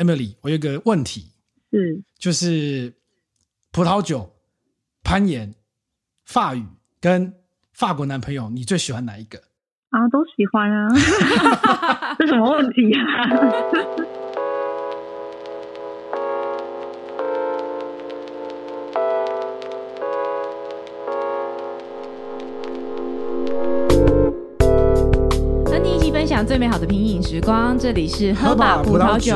Emily，我有一個問題，是，就是葡萄酒、攀岩、法語跟法國男朋友，你最喜歡哪一個啊？都喜歡啊，這什麼問題啊？ 最美好的品飲時光，這裡是喝吧葡、葡萄酒。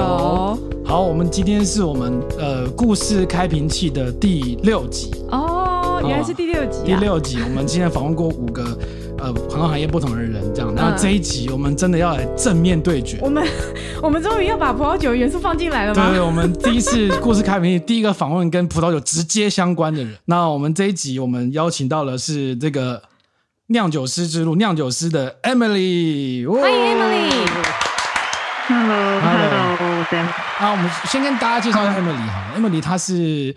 好，我們今天是我們呃故事開瓶器的第六集哦，原來是第六集，啊哦。第六集，我們今天訪問過五個 呃葡萄行業不同的人，這樣。那這一集我們真的要來正面對決。嗯、我們我們終於要把葡萄酒元素放進來了嗎？對，我們第一次故事開瓶器 第一個訪問跟葡萄酒直接相關的人。那我們這一集我們邀請到的是這個。釀酒師之路，釀酒師的 Emily、哦、歡迎 Emily、嗯。Hello，Hello，Emily 好、嗯對啊，我們先跟大家介紹一下 Emily 哈。Emily 她是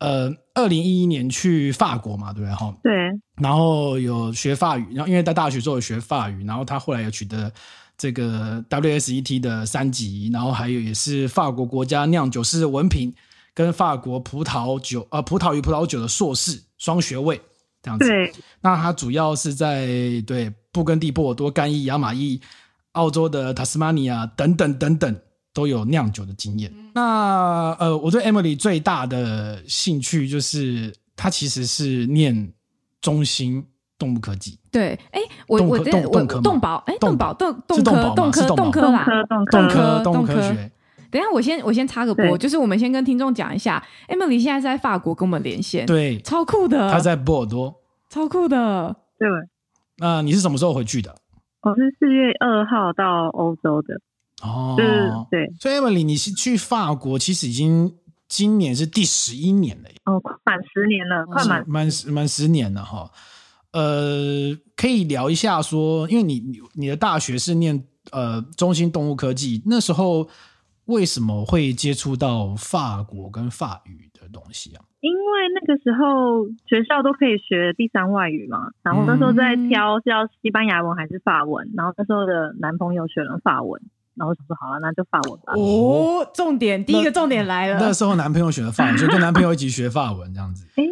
呃，二零一一年去法國嘛，對不對哈？對。然後有學法語，然後因為在大學時候有學法語，然後她後來有取得這個 WSET 的三級，然後還有也是法國國家釀酒師的文憑，跟法國葡萄酒呃葡萄與葡萄酒的碩士雙學位。這樣子，對那他主要是在對布根地、波爾多干、干邑、雅馬邑、澳洲的塔斯馬尼亞等等等等都有釀酒的經驗。對那呃，我對 Emily 最大的興趣就是他其實是念中興動物科技。對，哎、欸，我我覺得動科動，動，科動保，哎、欸，動保動動科，動，保動科，動科動科啦，動科動科學。等下，我先我先插個播，對就是我們先跟聽眾講一下，Emily 現在在法國跟我們連線，對，超酷的，他在波爾多，超酷的，對吧。那、呃、你是什麼時候回去的？我是四月二號到歐洲的，哦，對、就是、對。所以 Emily，你是去法國，其實已經今年是第十一年了，哦，滿十年了，快滿滿滿十年了哈。呃，可以聊一下說，因為你你的大學是念呃中興動物科技，那時候。為什麼會接觸到法國跟法語的東西啊？因為那個時候學校都可以學第三外語嘛，然後那時候在挑是要西班牙文還是法文，然後那時候的男朋友選了法文，然後就說好了，那就法文吧。哦，重點，第一個重點來了。那時候男朋友選了法文，就跟男朋友一起學法文這樣子。哎，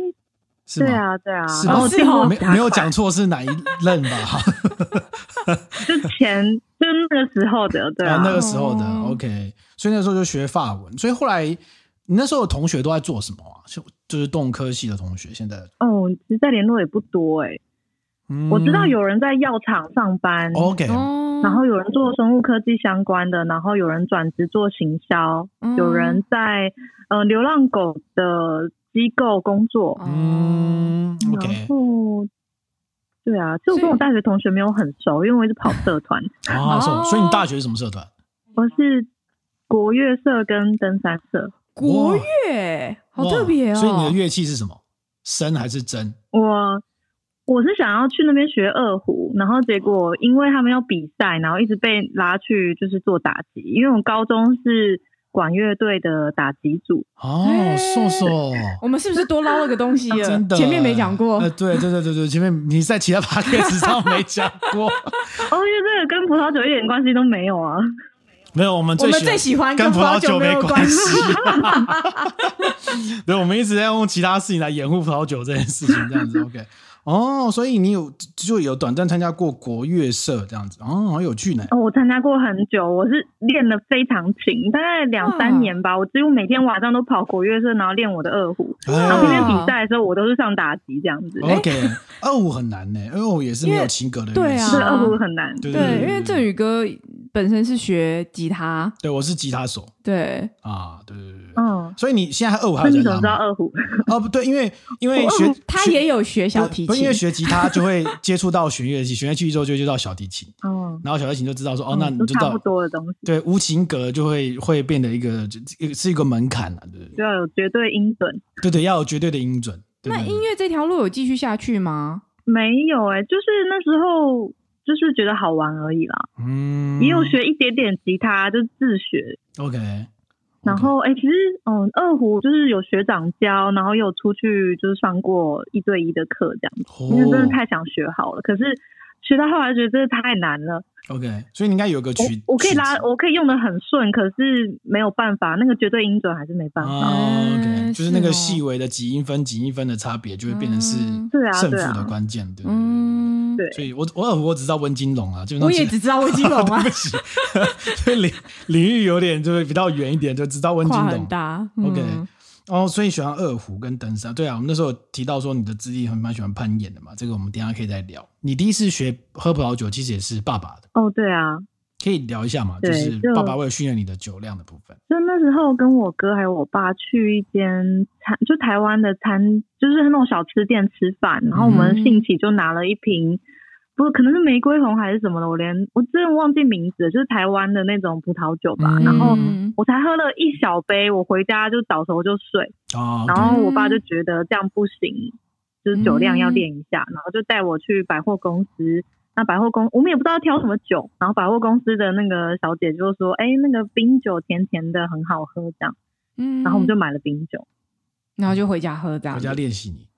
是啊，對啊，對啊，最後？沒沒有講錯是哪一任吧？就前就那個時候的對啊，那個時候的 OK。所以那時候就學法文。所以後來你那時候的同學都在做什麼啊？就就是動科系的同學現在哦，oh, 其實在聯絡也不多哎、欸。嗯、我知道有人在藥廠上班，OK，然後有人做生物科技相關的，然後有人轉職做行銷，嗯、有人在呃流浪狗的機構工作，嗯，okay. 然後對啊，就跟我大學同學沒有很熟，是因為我一直跑社團啊，oh, so, 所以你大學是什麼社團？我是。國樂社跟登山社，國樂樂哇好特別、喔、哦！所以你的樂器是什麼？笙還是箏？我我是想要去那邊學二胡，然後結果因為他們要比賽，然後一直被拉去就是做打擊，因為我們高中是管樂隊的打擊組。哦，碩碩、欸，對我們是不是多撈了個東西、啊？真的，前面沒講過。對、呃、對對對對，前面你在其他八個字上沒講過。 哦，因為這個跟葡萄酒一點點關係都沒有啊。沒有，我們我們最喜歡跟葡萄酒沒關係、啊。 對，我們一直在用其他事情來掩護葡萄酒這件事情，這樣子， 這樣子 OK。哦，所以你有就有短暫參加過國樂社這樣子，哦，好有趣呢。哦，我參加過很久，我是練得非常勤，大概兩三年吧。啊、我幾乎每天晚上都跑國樂社，然後練我的二胡。啊、然後那天比賽的時候，我都是上打擊這樣子。欸、OK，二胡很難呢、欸，二胡也是沒有琴格的原因，對啊，二胡很難。對，因為正宇哥。本身是學吉他，對，我是吉他手，對，啊，對對對嗯，哦、所以你現在二胡還在彈嗎？知道二胡？哦，不對，因為因為學他也有學小提琴，因為學吉他就會接觸到弦樂器，弦 樂器之後就會接到小提琴，嗯，然後小提琴就知道說，嗯、哦，那你就知道這麼多的東西，對，無琴格就會會變得一個個是一個門檻了、啊，對，對，要有絕對音準，對對，要有絕對的音準。對對，那音樂這條路有繼續下去嗎？沒有、欸，哎，就是那時候。就是覺得好玩而已啦，嗯，也有學一點點吉他，就自學。OK，okay. 然後哎、欸，其實嗯，二胡就是有學長教，然後又出去就是上過一對一的課這樣子，因為、oh. 真的太想學好了，可是。其實到後來覺得真的太難了。OK，所以你應該有個曲子。我可以拉，我可以用的很順，可是沒有辦法，那個絕對音準還是沒辦法。OK，就是那個細微的幾音分、幾音分的差別，就會變成是勝負的關鍵，對，嗯，對。所以我我我只知道溫金龍啊，我也只知道溫金龍啊。所以領領域有點就是比較遠一點，就知道溫金龍。跨度很大。OK。哦，所以喜歡二胡跟登山。對啊，我們那時候提到說你的資歷很蠻喜歡攀岩的嘛，這個我們等一下可以再聊。你第一次學喝葡萄酒，其實也是爸爸的哦？對啊，可以聊一下嘛，對就是爸爸為了訓練你的酒量的部分。就，就那時候跟我哥還有我爸去一間餐，就台灣的餐，就是那種小吃店吃飯，然後我們興起就拿了一瓶。不是，可能是玫瑰紅還是什麼的，我連我真的忘記名字，就是台灣的那種葡萄酒吧。嗯、然後我才喝了一小杯，我回家就倒頭就睡。哦、然後我爸就覺得這樣不行，嗯、就是酒量要練一下，然後就帶我去百貨公司。嗯、那百貨公司我們也不知道挑什麼酒，然後百貨公司的那個小姐就說：“哎、欸，那個冰酒甜甜的，很好喝。”這樣。嗯。然後我們就買了冰酒，然後就回家喝，這樣。回家練習你。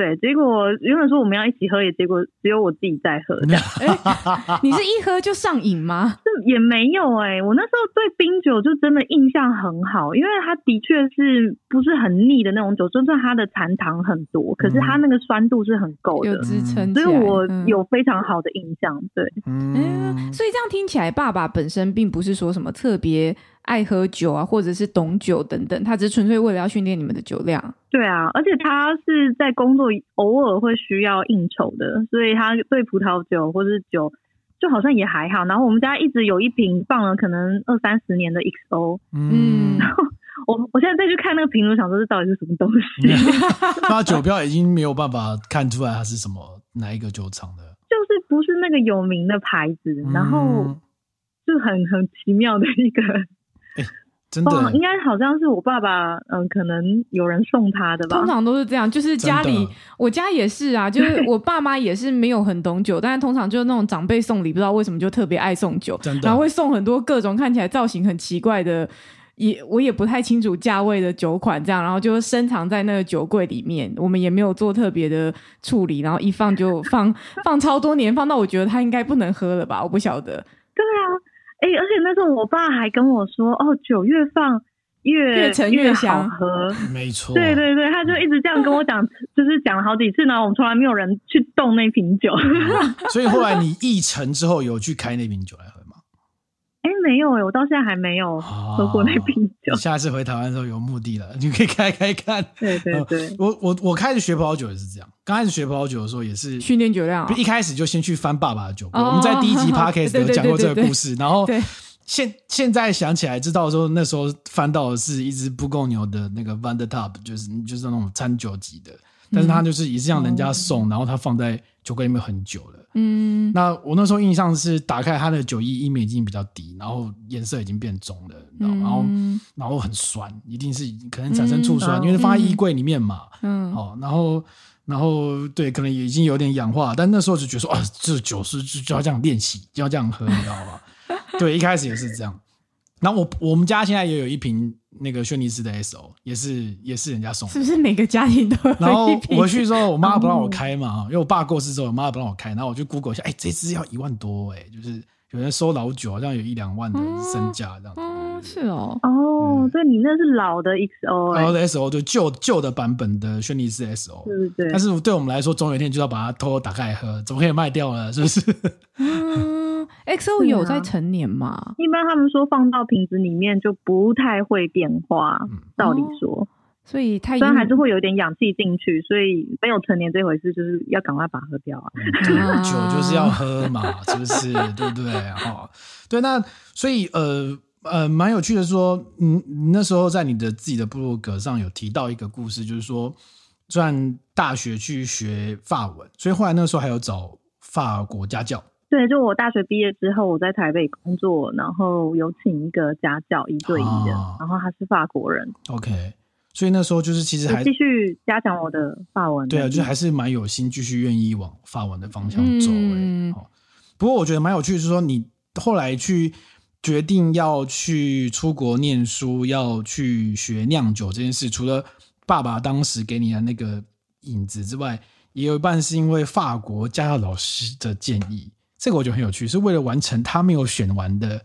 對，結果原本說我們要一起喝，也結果只有我自己在喝。哎、 欸，你是一喝就上癮嗎？這也沒有哎、欸，我那時候對冰酒就真的印象很好，因為它的確是不是很膩的那種酒，就算它的殘糖很多，可是它那個酸度是很夠的，嗯，有支撐。所以我有非常好的印象。嗯，對，嗯、欸，所以這樣聽起來，爸爸本身並不是說什麼特別。愛喝酒啊，或者是懂酒等等，他只是純粹為了要訓練你們的酒量。對啊，而且他是在工作偶爾會需要應酬的，所以他對葡萄酒或者是酒就好像也還好。然後我們家一直有一瓶放了可能二三十年的 XO，嗯，嗯，然後我我現在再去看那個評論，想說這到底是什麼東西？ 他酒標已經沒有辦法看出來它是什麼哪一個酒廠的，就是不是那個有名的牌子，嗯、然後是很很奇妙的一個。真的，哦、應該好像是我爸爸，嗯，可能有人送他的吧。通常都是這樣，就是家裡的我家也是啊，就是我爸媽也是沒有很懂酒， 但是通常就是那種長輩送禮，不知道為什麼就特別愛送酒，的然後會送很多各種看起來造型很奇怪的，也我也不太清楚價位的酒款，這樣然後就深藏在那個酒櫃裡面。我們也沒有做特別的處理，然後一放就放 放超多年，放到我覺得他應該不能喝了吧，我不曉得。對啊。誒、欸，而且那時候我爸還跟我說：“哦，酒越放越越陳越好喝沒錯、啊。”對對對，他就一直這樣跟我講， 就是講了好幾次呢。然後我們從來沒有人去動那瓶酒， 所以後來你一陳之後有去開那瓶酒來喝。欸、沒有哎、欸，我到現在還沒有喝過那瓶酒、哦。下次回台灣的時候有目的了，你們可以開開看。對對對，我我我開始學葡萄酒也是這樣，剛開始學葡萄酒的時候也是訓練酒量、哦，一開始就先去翻爸爸的酒杯。哦、我們在第一集 Podcast, 呵呵 有講過這個故事，對對對對對然後對對對現現在想起來，知道說那時候翻到的是一只不夠牛的那個 Vin de Table，就是就是那種餐酒級的，但是他就是也是讓人家送，嗯、然後他放在酒櫃裡面很久了。嗯，那我那時候印象是打開它的酒液液面已經比較低，然後顏色已經變棕了，嗯、然後然後很酸，一定是可能產生醋酸，嗯、因為放在衣櫃裡面嘛。嗯，嗯、哦，然後然後對，可能也已經有點氧化，但那時候就覺得說啊，這酒是就要這樣練習，就要這樣喝，你知道嗎？ 對，一開始也是這樣。然後我我們家現在也有一瓶那個軒尼詩的 S O，也是也是人家送的。是不是每個家庭都有一瓶？有、嗯、然後回去之後，我媽媽不讓我開嘛，嗯、因為我爸過世之後，我媽媽不讓我開。然後我就 Google 一下，哎、欸，這支要一萬多、欸，哎，就是有人收老酒，好像有一兩萬的身價這樣子。哦、嗯嗯，是哦，哦、嗯，所以你那是老的 X O，、欸、老的 X O，、SO、就舊舊的版本的軒尼詩 S O，對不對？但是對我們來說，總有一天就要把它偷偷打開來喝，怎麼可以賣掉了？是不是？嗯 XO 有在陳年嘛、啊？一般他們說放到瓶子裡面就不太會變化，道理、嗯、說，所以雖然還是會有點氧氣進去，所以沒有陳年這回事，就是要趕快把它喝掉啊！嗯、酒就是要喝嘛， 是不是？ 對不對？啊、哦，對，那所以呃呃，蠻、呃、有趣的說，說嗯，你那時候在你的自己的部落格上有提到一個故事，就是說，雖然大學去學法文，所以後來那時候還有找法國家教。對，就我大學畢業之後，我在台北工作，然後有請一個家教一對一的，啊、然後他是法國人。OK，所以那時候就是其實還繼續加強我的法文。對啊，就是、還是蠻有心，繼續願意往法文的方向走、欸。嗯、哦。不過我覺得蠻有趣的，就是說你後來去決定要去出國念書，要去學釀酒這件事，除了爸爸當時給你的那個影子之外，也有一半是因為法國家教老師的建議。這個我覺得很有趣，是為了完成他沒有選完的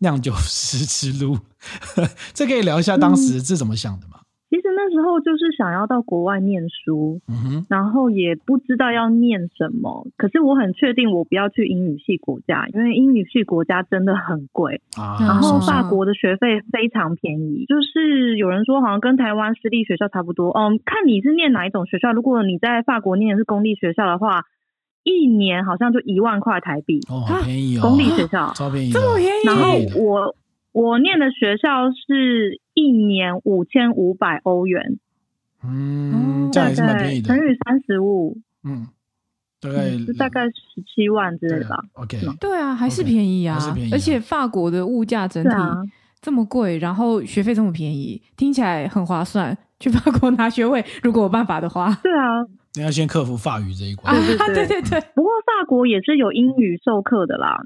釀酒師之路，呵呵，這可以聊一下當時是怎麼想的嗎？嗯、其實那時候就是想要到國外念書，嗯哼、然後也不知道要念什麼，可是我很確定我不要去英語系國家，因為英語系國家真的很貴、啊、然後法國的學費非常便宜，嗯、就是有人說好像跟台灣私立學校差不多，嗯，看你是念哪一種學校。如果你在法國念的是公立學校的話，一年好像就一萬塊台幣哦，好便宜哦！公立學校、啊、超便宜、啊，這麼便宜。然後我我念的學校是一年五千五百歐元，嗯，價格也蠻便宜的，乘以三十五，嗯，對、嗯、就大概十七萬之類的吧。OK，對啊，OK, 嗯、還是便宜啊，OK, 便宜啊，而且法國的物價整體這麼貴，啊、然後學費這麼便宜，聽起來很划算。去法國拿學位，如果有辦法的話，對啊。你要先克服法語這一關、啊，對對對，對。不過法國也是有英語授課的啦，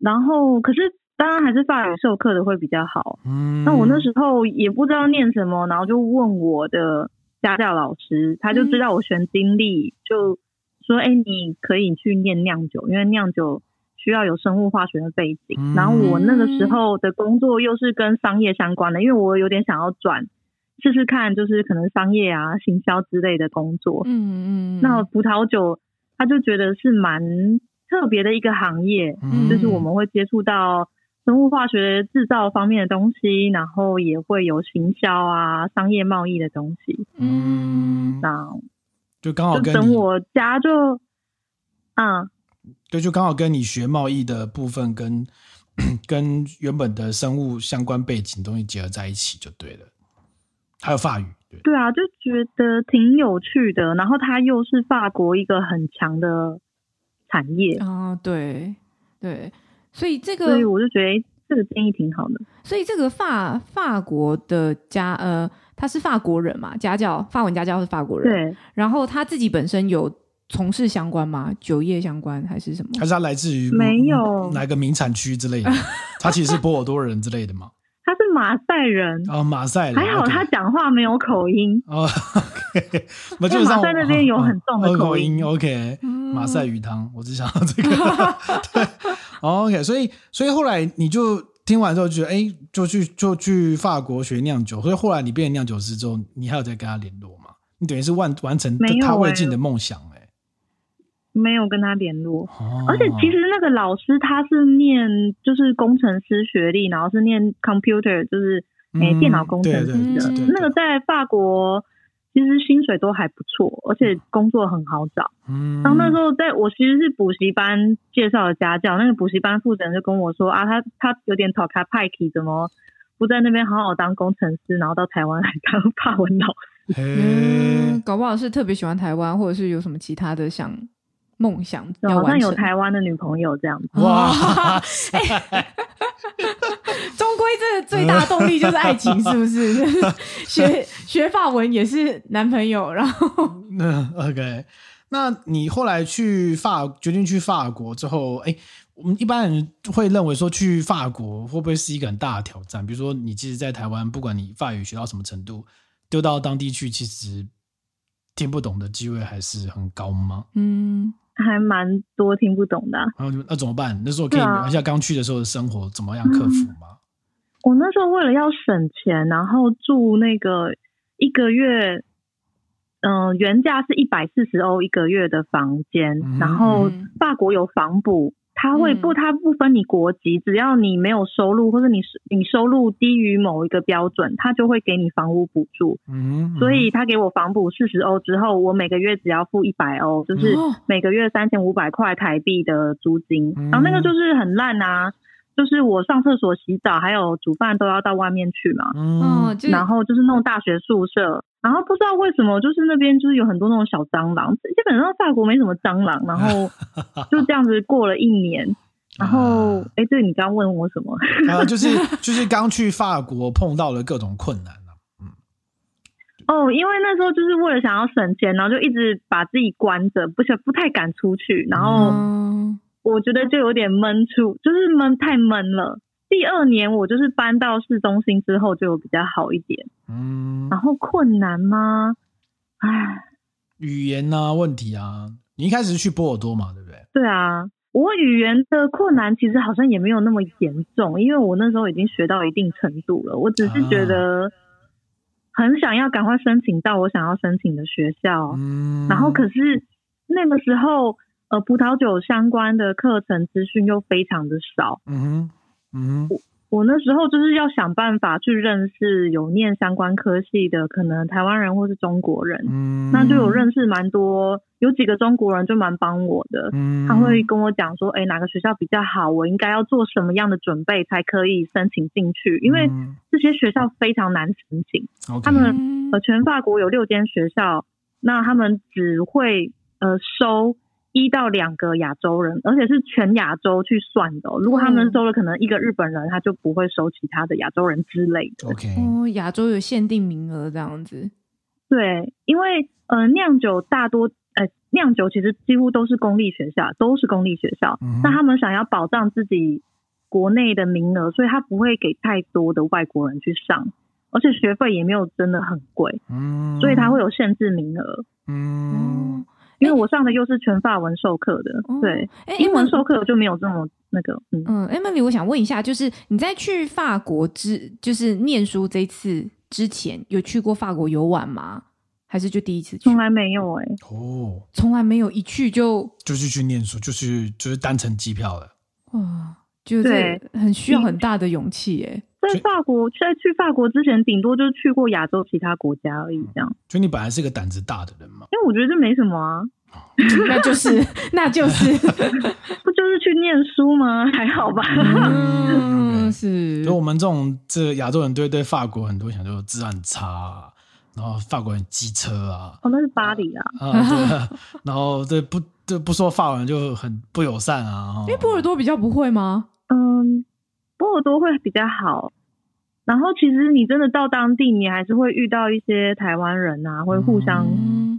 然後可是當然還是法語授課的會比較好。那、嗯、我那時候也不知道念什麼，然後就問我的家教老師，他就知道我選經歷，嗯、就說：“哎、欸，你可以去念釀酒，因為釀酒需要有生物化學的背景。嗯”然後我那個時候的工作又是跟商業相關的，因為我有點想要轉。試試看，就是可能商業啊，行銷之類的工作。嗯嗯。嗯，那葡萄酒，他就覺得是蠻特別的一個行業，嗯，就是我們會接觸到生物化學制造方面的東西，然後也會有行銷啊，商業貿易的東西。嗯，那就剛好跟我家就，啊，嗯。對，就剛好跟你學貿易的部分跟、跟跟原本的生物相關背景東西結合在一起，就對了。還有法語，對，對啊，就覺得挺有趣的。然後他又是法國一個很強的產業啊、哦，對對，所以這個，所以我就覺得這個建議挺好的。所以這個法法國的家呃，他是法國人嘛，家教法文家教是法國人，對。然後他自己本身有從事相關嗎？酒業相關還是什麼？還是他來自於沒有哪個名產區之類的？ 他其實是波爾多人之類的嘛？馬賽人哦，馬賽人還好，他講話沒有口音、嗯、哦。那、okay, 就馬賽那邊有很重的口音。嗯哦、口音 OK、嗯、馬賽魚湯，我只想到這個。嗯、對，OK。所以，所以後來你就聽完之後覺得，誒，就去就去法國學釀酒。所以後來你變成釀酒師之後，你還有再跟他聯絡嗎？你等於是完完成他未盡的夢想。沒有跟他聯絡，而且其實那個老師他是念就是工程師學歷，然後是念 computer，就是誒電腦工程師的那個，在法國其實薪水都還不錯，而且工作很好找。嗯、然後那時候在我其實是補習班介紹的家教，那個補習班負責人就跟我說啊，他他有點討厭派系，怎麼不在那邊好好當工程師，然後到台灣來當法文老師。嗯、欸，搞不好是特別喜歡台灣，或者是有什麼其他的想。夢想要完成，好像有台灣的女朋友這樣子。哇塞！哈哈哈哈哈！終歸 這最大動力就是愛情，是不是？就是、學 學法文也是男朋友，然後。嗯，OK。那你後來去法決定去法國之後，哎、欸，我們一般人會認為說去法國會不會是一個很大的挑戰？比如說，你其實在台灣，不管你法語學到什麼程度，丟到當地去，其實聽不懂的機會還是很高嗎？嗯。還蠻多聽不懂的，然後、哦，那怎麼辦？那時候可以聊一下剛去的時候的生活，怎麼樣克服嗎、嗯？我那時候為了要省錢，然後住那個一個月，嗯、呃，原價是一百四十歐一個月的房間，嗯、然後法國有房補。嗯他會不，他不分你國籍，嗯、只要你沒有收入或者你你收入低於某一個標準，他就會給你房屋補助。嗯，嗯所以他給我房補四十歐之後，我每個月只要付一百歐，就是每個月三千五百塊台幣的租金。嗯、然後那個就是很爛啊，就是我上廁所、洗澡還有煮飯都要到外面去嘛。嗯，然後就是那種大學宿舍。然後不知道為什麼，就是那邊就是有很多那種小蟑螂，基本上法國沒什麼蟑螂。然後就這樣子過了一年， 然後哎，欸、對，你剛問我什麼？啊、嗯嗯，就是就是剛去法國碰到了各種困難了、啊。嗯，哦，因為那時候就是為了想要省錢，然後就一直把自己關着，不想，不太敢出去。然後我覺得就有點悶出，就是悶太悶了。第二年我就是搬到市中心之後就有比較好一點，嗯，然後困難嗎？哎，語言啊問題啊，你一開始是去波爾多嘛，對不對？對啊，我語言的困難其實好像也沒有那麼嚴重，因為我那時候已經學到一定程度了，我只是覺得很想要趕快申請到我想要申請的學校，嗯，然後可是那個時候呃葡萄酒相關的課程資訊又非常的少，嗯。嗯、我我那時候就是要想辦法去認識有念相關科系的可能台灣人或是中國人，嗯、那就有認識蠻多，有幾個中國人就蠻幫我的，嗯、他會跟我講說，誒、欸，哪個學校比較好，我應該要做什麼樣的準備才可以申請進去，因為這些學校非常難申請，嗯、他們、嗯、呃全法國有六間學校，那他們只會呃收。一到兩個亞洲人，而且是全亞洲去算的、喔。如果他們收了，可能一個日本人，嗯、他就不會收其他的亞洲人之類的。Okay、哦、亞洲有限定名額這樣子。對，因為呃，釀酒大多呃，釀酒其實幾乎都是公立學校，都是公立學校。那、嗯、他們想要保障自己國內的名額，所以他不會給太多的外國人去上，而且學費也沒有真的很貴。嗯、所以他會有限制名額。嗯。嗯因為我上的又是全法文授課的，哦、對，英文、欸、授課就沒有這種、欸、那個，嗯、欸、Emily, 嗯 Emily 我想問一下，就是你在去法國之，就是念書這一次之前，有去過法國遊玩嗎？還是就第一次去？從來沒有哎、欸，哦，從來沒有一去就就去去念書，就是就是單程機票了，哇、哦，就是很需要很大的勇氣哎、欸。在法國，在去法國之前，頂多就是去過亞洲其他國家而已，這樣、嗯。就你本來是一個膽子大的人嘛？因為我覺得這沒什麼啊，嗯、 那就是，那就是， 不就是去念書嗎？還好吧。嗯， Okay. 是。就我們這種這亞洲人對對法國很多想就是治安差、啊，然後法國人機車啊。哦，那是巴黎啊。嗯、對啊，然後這不這不說，法國人就很不友善啊。 因為波爾多比較不會嗎？嗯。波爾多會比較好，然後其實你真的到當地，你還是會遇到一些台灣人啊，會互相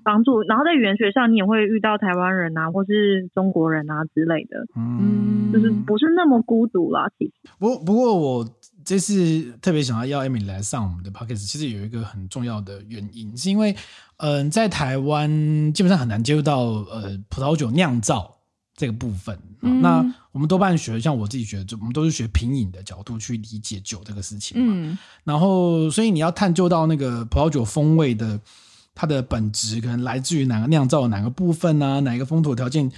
幫助。嗯、然後在語言學上，你也會遇到台灣人啊，或是中國人啊之類的，嗯，就是不是那麼孤獨啦。其實，不不過我這次特別想要邀 Amy 來上我們的 Podcast，其實有一個很重要的原因，是因為嗯、呃，在台灣基本上很難接觸到呃葡萄酒釀造。這個部分、嗯、那我們多半學，像我自己學，就我們都是學品飲的角度去理解酒這個事情、嗯、然後，所以你要探究到那個葡萄酒風味的它的本質，可能來自於哪個釀造的哪個部分啊，哪個風土條件，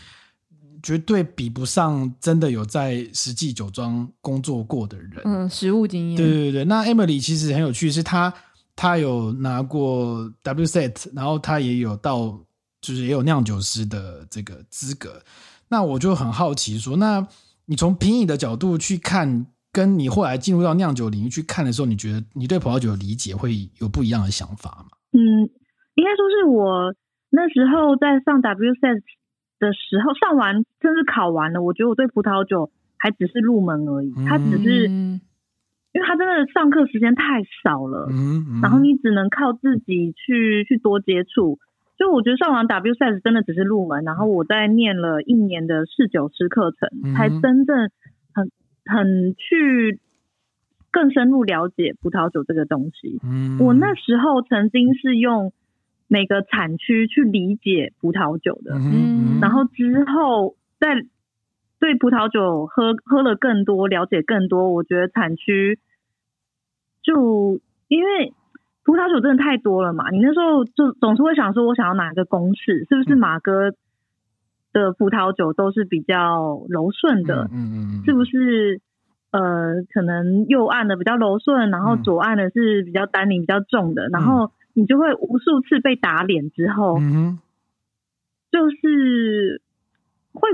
絕對比不上真的有在實際酒莊工作過的人，嗯，實務經驗。對對對，那 Emily 其實很有趣是，是她她有拿過 WSET，然後她也有到，就是也有釀酒師的這個資格。那我就很好奇，說，那你從品飲的角度去看，跟你後來進入到釀酒領域去看的時候，你覺得你對葡萄酒的理解會有不一樣的想法嗎？嗯，應該說是我那時候在上 WSET 的時候，上完就是考完了，我覺得我對葡萄酒還只是入門而已，嗯、它只是，因為它真的上課時間太少了，嗯嗯、然後你只能靠自己去去多接觸。就我覺得上完 WSET 真的只是入門，然後我再念了一年的侍酒師課程，才真正很很去更深入了解葡萄酒這個東西。我那時候曾經是用每個產區去理解葡萄酒的，然後之後再對葡萄酒喝喝了更多，了解更多，我覺得產區就因為。葡萄酒真的太多了嘛，你那時候就總是會想說，我想要哪一個公式，是不是瑪歌的葡萄酒都是比較柔順的？嗯嗯嗯，嗯嗯嗯是不是呃，可能右岸的比較柔順，然後左岸的是比較單寧比較重的？嗯、然後你就會無數次被打臉之後，嗯嗯嗯、就是會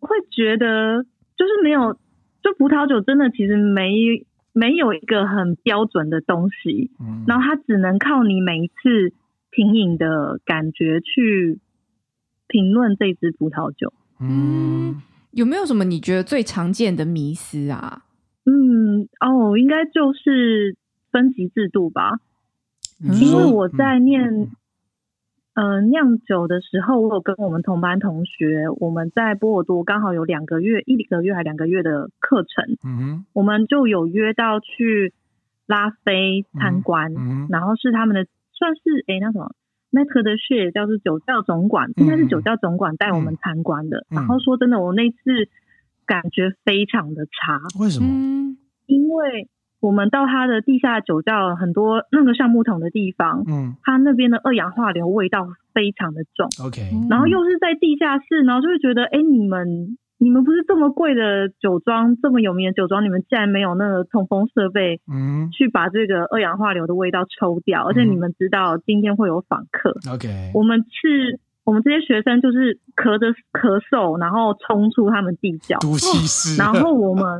會覺得就是沒有，就葡萄酒真的其實沒。沒有一個很標準的東西，嗯、然後它只能靠你每一次品飲的感覺去評論這支葡萄酒。嗯，有沒有什麼你覺得最常見的迷思啊？嗯，哦，應該就是分級制度吧，嗯、因為我在念。嗯，釀、呃、酒的時候，我有跟我們同班同學，我們在波爾多剛好有兩個月，一個月還兩個月的課程。嗯哼我們就有約到去拉菲參觀，嗯、哼然後是他們的算是哎、欸、那什麼 Maître de chai 叫做酒窖總管，嗯嗯應該是酒窖總管帶我們參觀的。嗯嗯、然後說真的，我那次感覺非常的差，為什麼？因為。我們到他的地下酒窖，很多那個橡木桶的地方，嗯，他那邊的二氧化硫味道非常的重，OK。然後又是在地下室，嗯、然後就會覺得，哎，你們你們不是這麼貴的酒莊，這麼有名的酒莊，你們竟然沒有那個通風設備，嗯，去把這個二氧化硫的味道抽掉。嗯、而且你們知道今天會有訪客，OK。我們是，我們這些學生就是咳着咳嗽，然後衝出他們地窖、毒氣室、哦，然後我們，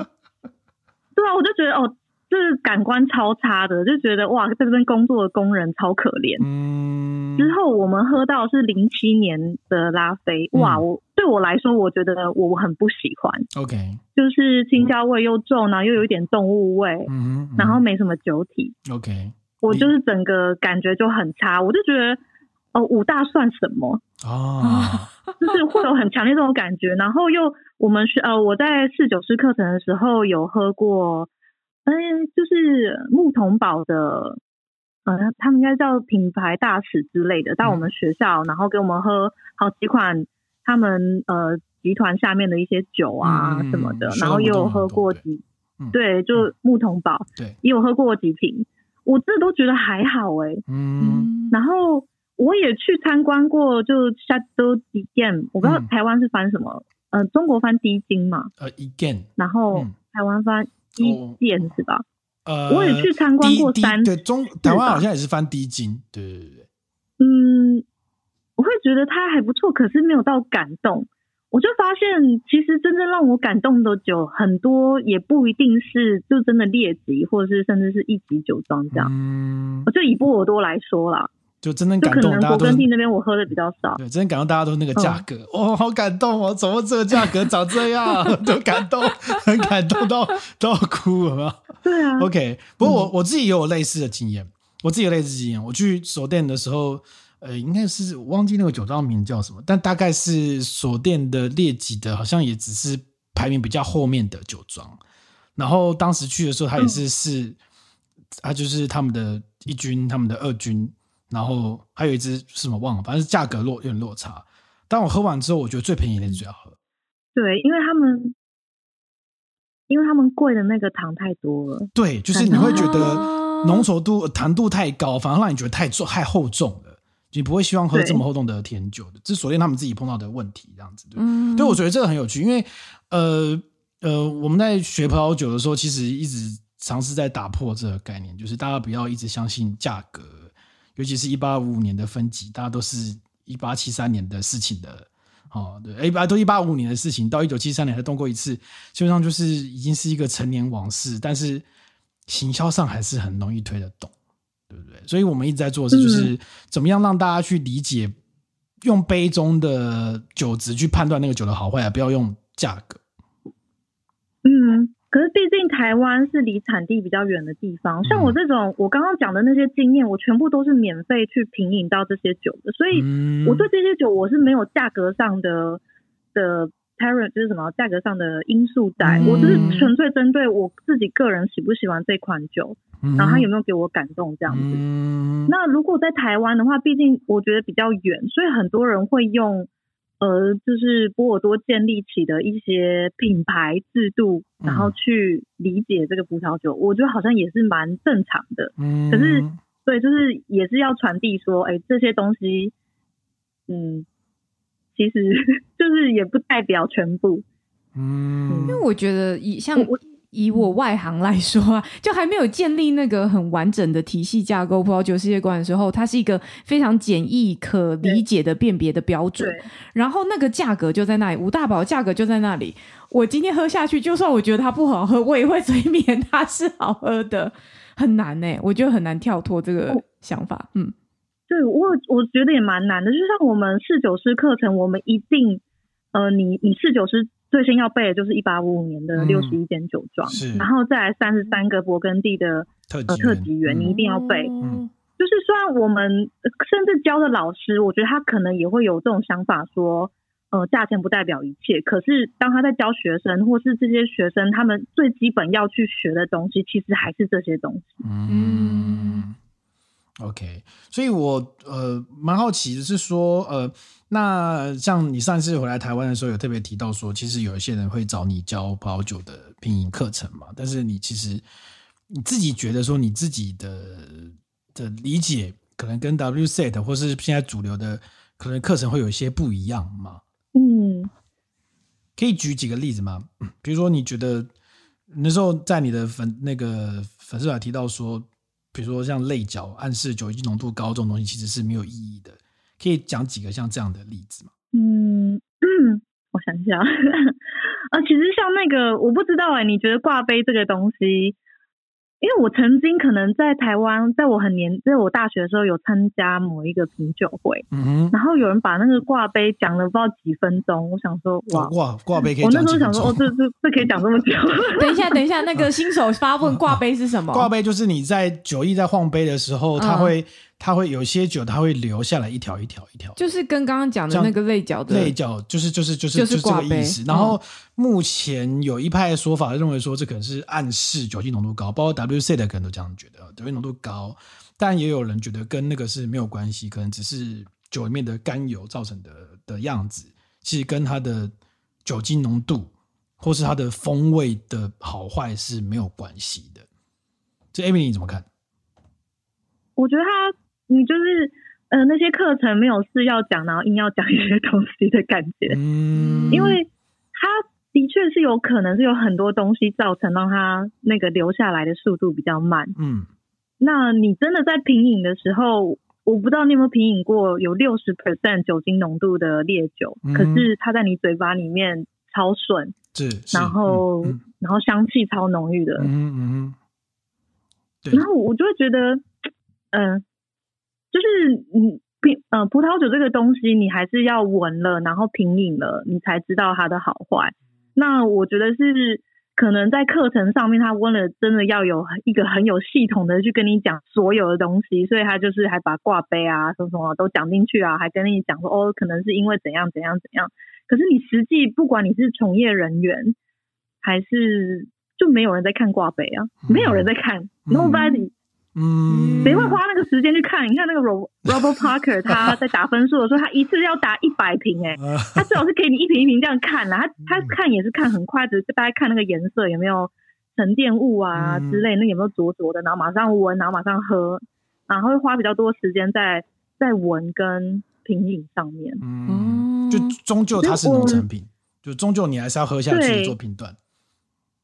對啊，我就覺得哦。就是感官超差的，就覺得哇，這邊工作的工人超可憐。嗯，之後我們喝到是零七年的拉菲，嗯、哇，我對我來說，我覺得我，我很不喜歡。OK，就是青椒味又重，嗯、然後又有一點動物味，嗯，嗯，嗯，然後沒什麼酒體。OK，我就是整個感覺就很差，我就覺得哦、呃，五大算什麼哦、啊啊，就是會有很強烈這種感覺， 然後又我們是呃，我在侍酒師課程的時候有喝過。嗯、欸，就是木桐堡的，呃，他們應該叫品牌大使之類的，嗯、到我們學校，然後給我們喝好幾款他們呃集團下面的一些酒啊什麼的，嗯、然後也有喝過幾，嗯、對，就木桐堡，對、嗯，也有喝過幾瓶，我這都覺得還好哎、欸，嗯，然後我也去參觀過就，就 Château d'Yquem 我不知道台灣是翻什麼，嗯、呃，中國翻滴金嘛，呃、uh,，Again，然後台灣翻 again,、嗯。低件是吧？哦呃、我也去參觀過三對中台灣好像也是翻滴金，對對，對，對嗯，我會覺得它還不錯，可是沒有到感動。我就發現，其實真正讓我感動的酒很多，也不一定是就真的列級，或者是甚至是一級酒莊這樣。我、嗯、就以波爾多來說啦。就真的感動，大家都。那邊我喝的比較少。對，真的感動，大家都是那個價格，嗯、哦好感動哦！怎麼這個價格長這樣？ 就感動，很感動到，都都要哭了。有有對啊。OK，不過我、嗯、我自己也有類似的經驗，我自己有類似的經驗。我去鎖店的時候，呃，應該是忘記那個酒莊名叫什麼，但大概是鎖店的列級的，好像也只是排名比較後面的酒莊。然後當時去的時候，他也是是，嗯、他就是他們的一軍，他們的二軍。然後還有一支什麼忘了，反正是價格落有點落差。但我喝完之後，我覺得最便宜的一支最好喝。對，因為他們，因為他們貴的那個糖太多了。對，就是你會覺得濃稠度、糖度太高，反而讓你覺得太重、太厚重了。你不會希望喝這麼厚重的甜酒的。對，這是鎖定他們自己碰到的問題，這樣子的。對，嗯，對，我覺得這個很有趣，因為呃呃，我們在學葡萄酒的時候，其實一直嘗試在打破這個概念，就是大家不要一直相信價格。尤其是一八五五年的分級，大家都是一八七三年的事情的，哦，對，哎，都一八五五年的事情，到一九七三年才動過一次，基本上就是已經是一個陳年往事，但是行銷上還是很容易推得動，對不對？所以我們一直在做的是，就是怎麼樣讓大家去理解，用杯中的酒質去判斷那個酒的好壞，啊，不要用價格，嗯。可是畢竟台灣是離產地比較遠的地方，像我這種我剛剛講的那些經驗，我全部都是免費去品飲到這些酒的，所以我對這些酒我是沒有價格上的的 parent，就是什麼價格上的因素在，嗯、我只是純粹針對我自己個人喜不喜歡這款酒，然後它有沒有給我感動這樣子。那如果在台灣的話，畢竟我覺得比較遠，所以很多人會用。呃，就是波爾多建立起的一些品牌制度，嗯、然後去理解這個葡萄酒，我覺得好像也是蠻正常的。嗯，可是，對，就是也是要傳遞說，哎、欸，這些東西，嗯，其實就是也不代表全部。嗯，因為我覺得以像我。我以我外行來說啊，就還沒有建立那個很完整的體系架構、葡萄酒世界觀的時候，它是一個非常簡易可理解的辨別的標準。然後那個價格就在那裡，五大堡價格就在那裡。我今天喝下去，就算我覺得它不好喝，我也會催眠它是好喝的。很難呢、欸。我覺得很難跳脫這個想法。嗯，對我我覺得也蠻難的。就像我們侍酒師課程，我們一定，呃，你你侍酒師。最先要背的就是一八五五年的六十一點九莊，嗯、然後再來三十三個勃艮第的特級園、呃、特級園，嗯、你一定要背。嗯、就是雖然我們甚至教的老師，我覺得他可能也會有這種想法說，說呃，價錢不代表一切。可是當他在教學生，或是這些學生，他們最基本要去學的東西，其實還是這些東西。嗯。OK，所以我呃蠻好奇的是說，呃，那像你上次回來台灣的時候，有特別提到說，其實有一些人會找你教葡萄酒的品飲課程嘛？但是你其實你自己覺得說，你自己的的理解可能跟 WSET 或是現在主流的可能課程會有一些不一樣嘛？嗯，可以舉幾個例子嗎？比如說你覺得那時候在你的粉那個粉絲團提到說，比如說像淚腳暗示酒精濃度高這種東西其實是沒有意義的，可以講幾個像這樣的例子嗎？嗯,嗯，我想想 啊，其實像那個我不知道哎、欸，你覺得掛杯這個東西？因為我曾經可能在台灣，在我很年，在我大學的時候有參加某一個品酒會，嗯哼，然後有人把那個掛杯講了不知道幾分鐘，我想說哇哇掛杯可以講我那時候想說，哦，這這這，這可以講這麼久？ 等一下等一下，那個新手發問，掛杯是什麼？啊，掛杯就是你在酒意在晃杯的時候，它會。嗯他會有些酒，它會留下來一條一條一條，就是跟剛剛講的那個淚腳的淚腳就，就是就是就是就是這個意思。嗯、然後目前有一派說法認為說這可能是暗示酒精濃度高，包括 W C 的可能都這樣覺得酒精濃度高，但也有人覺得跟那個是沒有關係，可能只是酒裡面的甘油造成的的樣子，其實跟它的酒精濃度或是它的風味的好壞是沒有關係的。這 Emily 你怎麼看？我覺得他。你就是，呃，那些課程沒有事要講，然後硬要講一些東西的感覺。嗯，因為他的確是有可能是有很多東西造成讓他那個流下來的速度比較慢。嗯，那你真的在品飲的時候，我不知道你有沒有品飲過有六十 percent 酒精濃度的烈酒，嗯、可是它在你嘴巴裡面超順，然後、嗯嗯、然後香氣超濃郁的，嗯嗯嗯，對。然後我就會覺得，嗯、呃。就是你品、呃，葡萄酒這個東西，你還是要聞了，然後品飲了，你才知道它的好壞。那我覺得是可能在課程上面，他為了真的要有一個很有系統的去跟你講所有的東西，所以他就是還把掛杯啊、什麼什麼都講進去啊，還跟你講說哦，可能是因為怎樣怎樣怎樣。可是你實際不管你是從業人員，還是就沒有人在看掛杯啊，沒有人在看，Nobody。嗯，誰會花那個時間去看？你看那個 Rob Robert Parker，他在打分數的時候， 他一次要打一百瓶誒、欸。他最好是給你一瓶一瓶這樣看啦。他他看也是看很快，只是大家看那個顏色有沒有沉澱物啊之類，那個、有沒有濁濁的，然後馬上聞，然後馬上喝，然後會花比較多時間在在聞跟品飲上面。嗯，就終究它是農產品，就終究你還是要喝下去做評斷。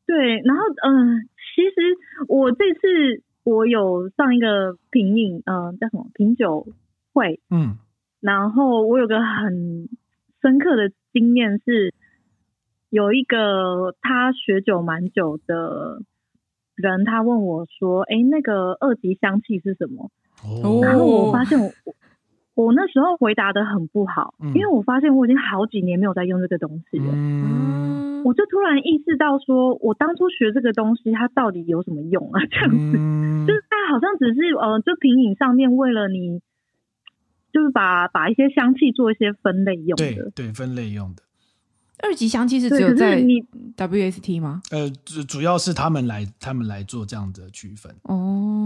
對，然後嗯、呃，其實我這次。我有上一個品飲，嗯、呃，叫什麼品酒會，嗯，然後我有個很深刻的經驗是，有一個他學酒蠻久的人，他問我說，哎，那個二級香氣是什麼？哦、然後我發現我，我那時候回答得很不好，嗯、因為我發現我已經好幾年沒有在用這個東西了。嗯我就突然意識到說，說我當初學這個東西，它到底有什麼用啊？這樣子，嗯、就是它好像只是呃，就品飲上面為了你，就是把把一些香氣做一些分類用的，對，對分類用的。二級香氣是只有在你 WSET 嗎？呃，主主要是他們來他們來做這樣的區分哦。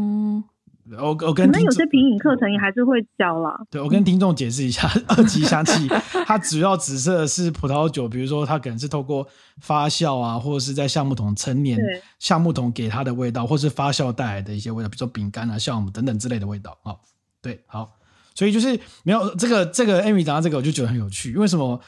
我我跟可能有些品飲課程也還是會教啦。對，我跟聽眾解釋一下，二級香氣 它主要紫色的是葡萄酒，比如說它可能是透過發酵啊，或者是在橡木桶陳年，對橡木桶給它的味道，或是發酵帶來的一些味道，比如說餅乾啊、酵母等等之類的味道。好、哦，對，好，所以就是沒有這個這個 Emily 講這個，這個、這個我就覺得很有趣。為什麼？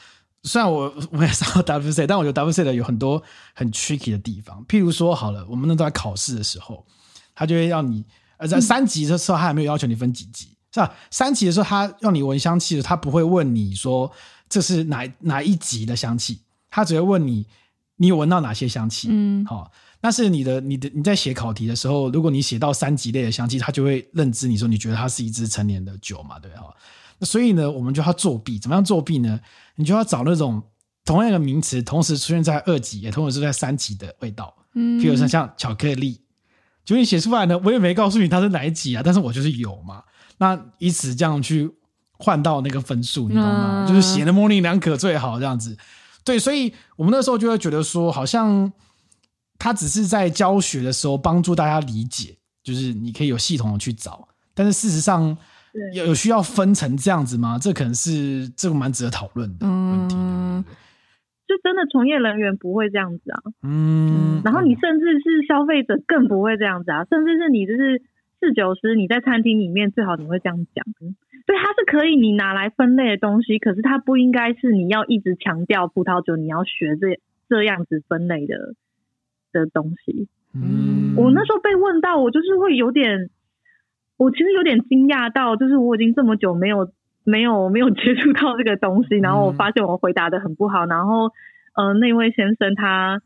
雖然我我也知道 WSET，但我覺得 WSET 的有很多很 tricky 的地方。譬如說，好了，我們那在考試的時候，他就會讓你。在三級的時候，他還沒有要求你分幾級，是吧？嗯、三級的時候，他要你聞香氣的，他不會問你說這是哪哪一級的香氣，他只會問你你有聞到哪些香氣。嗯，好，那是你的你的你在寫考題的時候，如果你寫到三級類的香氣，他就會認知你說你覺得它是一支成年的酒嘛，對哈？那所以呢，我們就要作弊，怎麼樣作弊呢？你就要找那種同樣的名詞，同時出現在二級也同時出現在三級的味道，嗯，比如說像,像巧克力。嗯嗯就你寫出來呢，我也沒告訴你它是哪幾啊，但是我就是有嘛。那以此這樣去換到那個分數，你知道嗎？嗯、就是寫的模棱兩可最好這樣子。對，所以我們那時候就會覺得說，好像他只是在教學的時候幫助大家理解，就是你可以有系統的去找。但是事實上，有有需要分成這樣子嗎？嗯、這可能是這個蠻值得討論的問題。就真的從業人員不會這樣子啊，嗯，然後你甚至是消費者更不會這樣子啊，甚至是你就是侍酒師，你在餐廳裡面最好你會這樣講，對，它是可以你拿來分類的東西，可是它不應該是你要一直強調葡萄酒，你要學這這樣子分類的的東西。嗯，我那時候被問到，我就是會有點，我其實有點驚訝到，就是我已經這麼久沒有。沒有我沒有接觸到這個東西，然後我發現我回答得很不好，嗯、然後呃那位先生他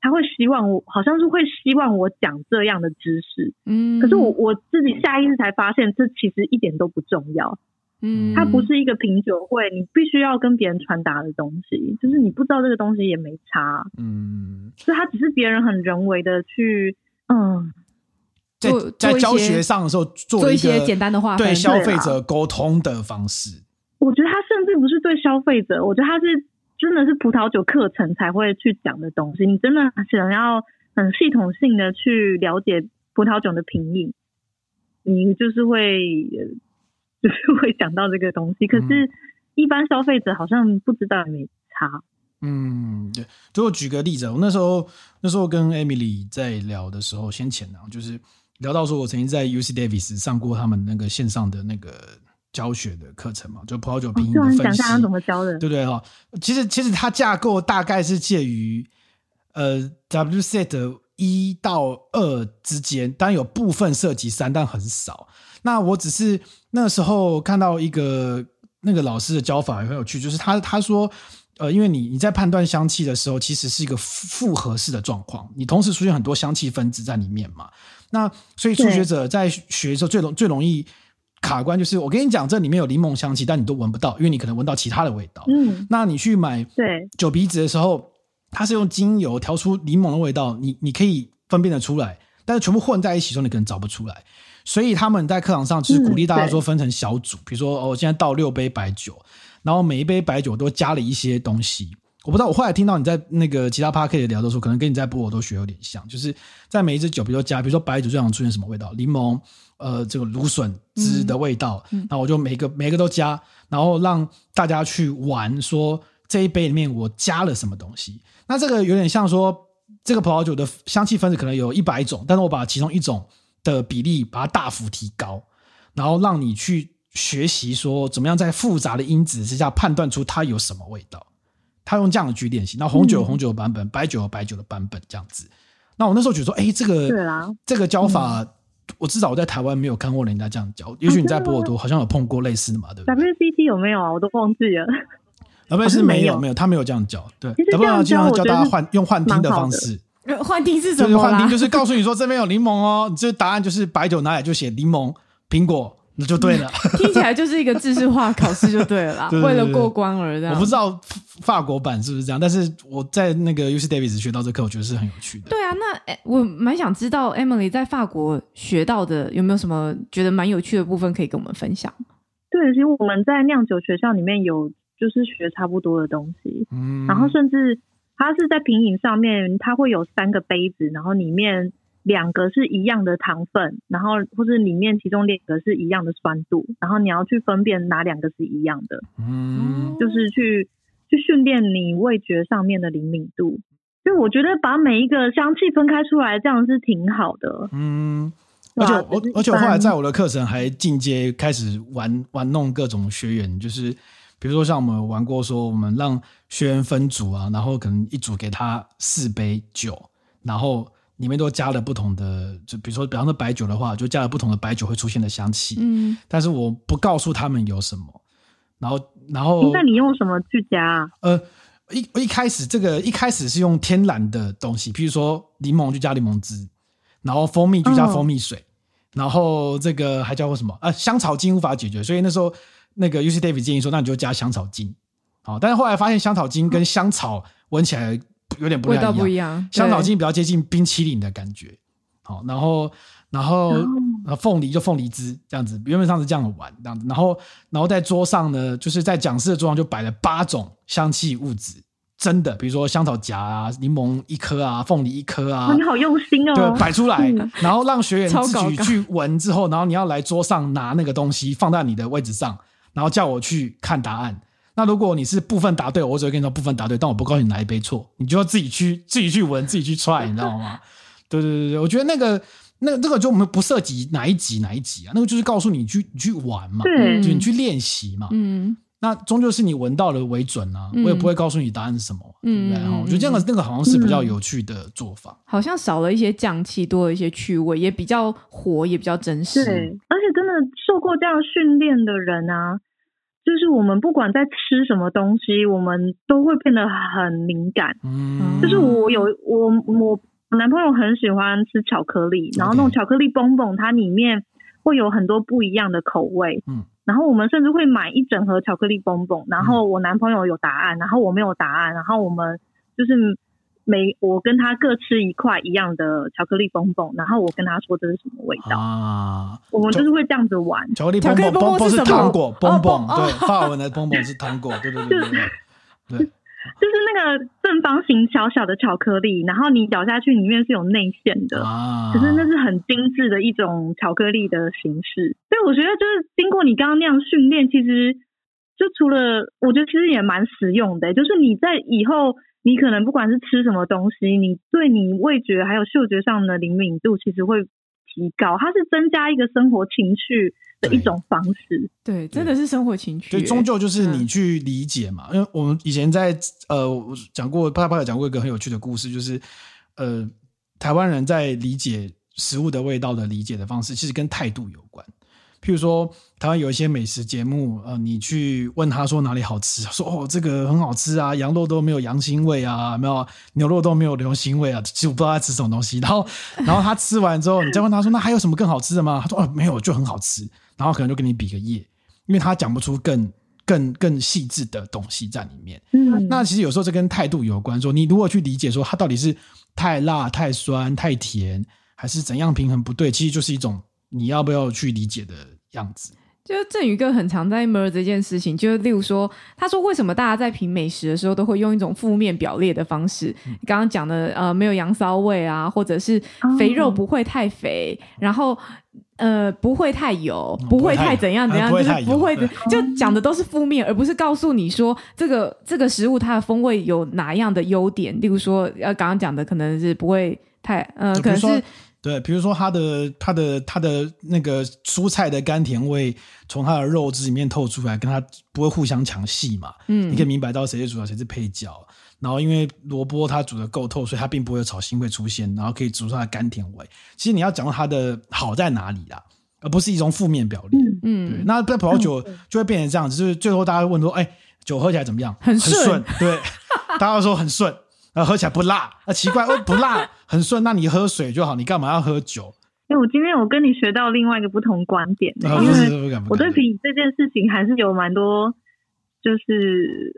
他會希望我好像是會希望我講這樣的知識，嗯，可是我我自己下意識才發現這其實一點都不重要，嗯，它不是一個品酒會，你必須要跟別人傳達的東西，就是你不知道這個東西也沒差，嗯，就它只是別人很人為的去嗯。在在教學上的時候做的做，做一些簡單的話，對消費者溝通的方式。我覺得他甚至不是對消費者，我覺得他是真的是葡萄酒課程才會去講的東西。你真的想要很系統性的去了解葡萄酒的品飲，你就是會就是會想到這個東西。可是，一般消費者好像不知道也沒有差嗯。嗯，對。就我舉個例子，我那時候那時候跟 Emily 在聊的時候，先前呢、啊、就是。聊到說，我曾經在 UC Davis 上過他們那個線上的那個教學的課程嘛，就葡萄酒品飲分析。想怎麼教的，對對哈、哦？其實其實它架構大概是介於呃 WSET 一到二之間，當然有部分涉及三，但很少。那我只是那時候看到一個那個老師的教法也很有趣，就是他他說呃，因為你你在判斷香氣的時候，其實是一個複合式的狀況，你同時出現很多香氣分子在裡面嘛。那所以初學者在學的時候最容最容易卡關，就是我跟你講這裡面有檸檬香氣，但你都聞不到，因為你可能聞到其他的味道。嗯，那你去買酒鼻子的時候，它是用精油調出檸檬的味道，你你可以分辨得出來，但是全部混在一起的時候，你可能找不出來。所以他們在課堂上就是鼓勵大家說分成小組，嗯、對。比如說哦，我現在倒六杯白酒，然後每一杯白酒都加了一些東西。我不知道，我後來聽到你在那個其他 party 的聊的時候，可能跟你在播我都學有點像，就是在每一支酒，比如說加，比如說白酒最常出現什麼味道，檸檬，呃，這個蘆筍汁的味道，那、嗯嗯、我就每個每個都加，然後讓大家去玩，說這一杯裡面我加了什麼東西，那這個有點像說，這個葡萄酒的香氣分子可能有一百種，但是我把其中一種的比例把它大幅提高，然後讓你去學習說怎麼樣在複雜的因子之下判斷出它有什麼味道。他用這樣去練習，那紅酒有紅酒的版本，白酒有白酒的版本這樣子。那我那時候覺得說，哎，這個這個教法，我至少我在台灣沒有看過人家這樣教。也許你在波爾多好像有碰過類似的嘛，對不對？WSET 有沒有啊？我都忘記了。WSET 沒有沒有，他沒有這樣教。對，其實這樣教教大家換用換聽的方式。換聽是什麼？換聽就是告訴你說這邊有檸檬哦，這答案就是白酒拿來就寫檸檬蘋果。那就對了， 聽起來就是一個知識化考試就對了啦， 對對對，為了過關而然，我不知道法國版是不是這樣，但是我在那個 UC Davis 學到這課，我覺得是很有趣的。對啊，那我蠻想知道 Emily 在法國學到的有沒有什麼覺得蠻有趣的部分可以跟我們分享？對，其實我們在釀酒學校裡面有就是學差不多的東西，嗯，然後甚至他是在品飲上面，他會有三個杯子，然後裡面。兩個是一樣的糖分，然後或是裡面其中兩個是一樣的酸度，然後你要去分辨哪兩個是一樣的，嗯，就是去去訓練你味覺上面的靈敏度。所以我覺得把每一個香氣分開出來，這樣是挺好的，嗯。而且，我哇而且，而且我後來在我的課程還進階開始玩玩弄各種學員，就是比如說像我們玩過說，我們讓學員分組啊，然後可能一組給他四杯酒，然後。裡面都加了不同的，就比如說，比方說白酒的話，就加了不同的白酒會出現的香氣。嗯，但是我不告訴他們有什麼。然後，然後，那你用什麼去加、啊？呃，一一開始這個一開始是用天然的東西，比如說檸檬就加檸檬汁，然後蜂蜜就加蜂蜜水，哦、然後這個還叫做什麼？呃，香草精無法解決，所以那時候那個 UC Davis 建議說，那你就加香草精。好、哦，但是後來發現香草精跟香草聞起來、嗯。有點不一樣，味道不一樣，香草精比較接近冰淇淋的感覺，好對，然後，然後，鳳梨就鳳梨汁這樣子，原本上是這樣玩這樣子，然後，然後在桌上呢，就是在講師的桌上就擺了八種香氣物質，真的，比如說香草莢啊，檸檬一顆啊，鳳梨一顆啊，哦、你好用心哦，對，擺出來，嗯啊、然後讓學員自己去聞之後，高高然後你要來桌上拿那個東西放在你的位置上，然後叫我去看答案。那如果你是部分答對，我只會跟你說部分答對，但我不告訴你哪一杯錯，你就要自己去自己去聞，自己去 try，你知道嗎？ 對對對，我覺得那個那這、那個就我們不涉及哪一集哪一集啊，那個就是告訴你去你去玩嘛，對就是你去練習嘛，嗯，那終究是你聞到了為準啊，嗯、我也不會告訴你答案是什麼、啊，嗯，然後我覺得這樣那個好像是比較有趣的做法，好像少了一些匠氣，多了一些趣味，也比較活，也比較真實，對，而且真的受過這樣訓練的人啊。就是我們不管在吃什麼東西，我們都會變得很敏感。嗯，就是我有我我男朋友很喜歡吃巧克力，然後那種巧克力 bonbon，它裡面會有很多不一樣的口味。嗯，然後我們甚至會買一整盒巧克力 bonbon。然後我男朋友有答案，然後我沒有答案。然後我們就是。每我跟他各吃一塊一樣的巧克力蹦蹦，然後我跟他說，這是什麼味道啊？我們就是會這樣子玩巧克力蹦蹦，不是糖果蹦蹦。哦，對，哦，法文的蹦蹦是糖果，對對對對，就是那個正方形小小的巧克力，然後你咬下去裡面是有內餡的啊，其實那是很精緻的一種巧克力的形式。所以我覺得就是經過你剛剛那樣訓練，其實就除了我覺得其實也蠻實用的，欸，就是你在以後。你可能不管是吃什麼東西，你對你味覺還有嗅覺上的靈敏度，其實會提高。它是增加一個生活情趣的一種方式。對，對，真的是生活情趣。對，終究就是你去理解嘛，嗯、因為我們以前在呃講過，帕帕有講過一個很有趣的故事，就是呃台灣人在理解食物的味道的理解的方式，其實跟態度有關。譬如說，台灣有一些美食節目，呃，你去問他說哪裡好吃，說哦，這個很好吃啊，羊肉都沒有羊腥味啊，有沒有牛肉都沒有牛腥味啊，其實我不知道他吃什麼東西。然後，然後他吃完之後，你再問他說，那還有什麼更好吃的嗎？他說哦，沒有，就很好吃。然後可能就跟你比個耶，因為他講不出更、更、更細緻的東西在裡面。嗯，那其實有時候這跟態度有關。說你如果去理解說他到底是太辣、太酸、太甜，還是怎樣平衡不對，其實就是一種。你要不要去理解的樣子？就正宇哥很常在 merge 這件事情，就是例如說，他說為什麼大家在品美食的時候都會用一種負面表列的方式？你剛剛講的呃，沒有羊騷味啊，或者是肥肉不會太肥，嗯、然後呃，不會太油，嗯、不會太怎樣怎樣，嗯、就是不會對就講的都是負面，而不是告訴你說這個、嗯、這個食物它的風味有哪樣的優點。例如說，呃，剛剛講的可能是不會太，呃，可能是。對，比如說它的、它的、它的那個蔬菜的甘甜味從它的肉質裡面透出來，跟它不會互相搶戲嘛。嗯，你可以明白到誰是主角，誰是配角。然後因為蘿蔔它煮得夠透，所以它並不會有草腥味出現，然後可以煮出它的甘甜味。其實你要講到它的好在哪裡啦，而不是一種負面表列，嗯，對。那在葡萄酒就會變成這樣子，就是最後大家問說：“哎、欸，酒喝起來怎麼樣？”很順，很順，對， 大家會說很順。啊、喝起來不辣啊，奇怪哦，不辣，很順。那你喝水就好，你幹嘛要喝酒？欸、我今天我跟你學到另外一個不同觀點，嗯、因為我，、嗯嗯嗯嗯、我對品飲這件事情還是有蠻多，就是，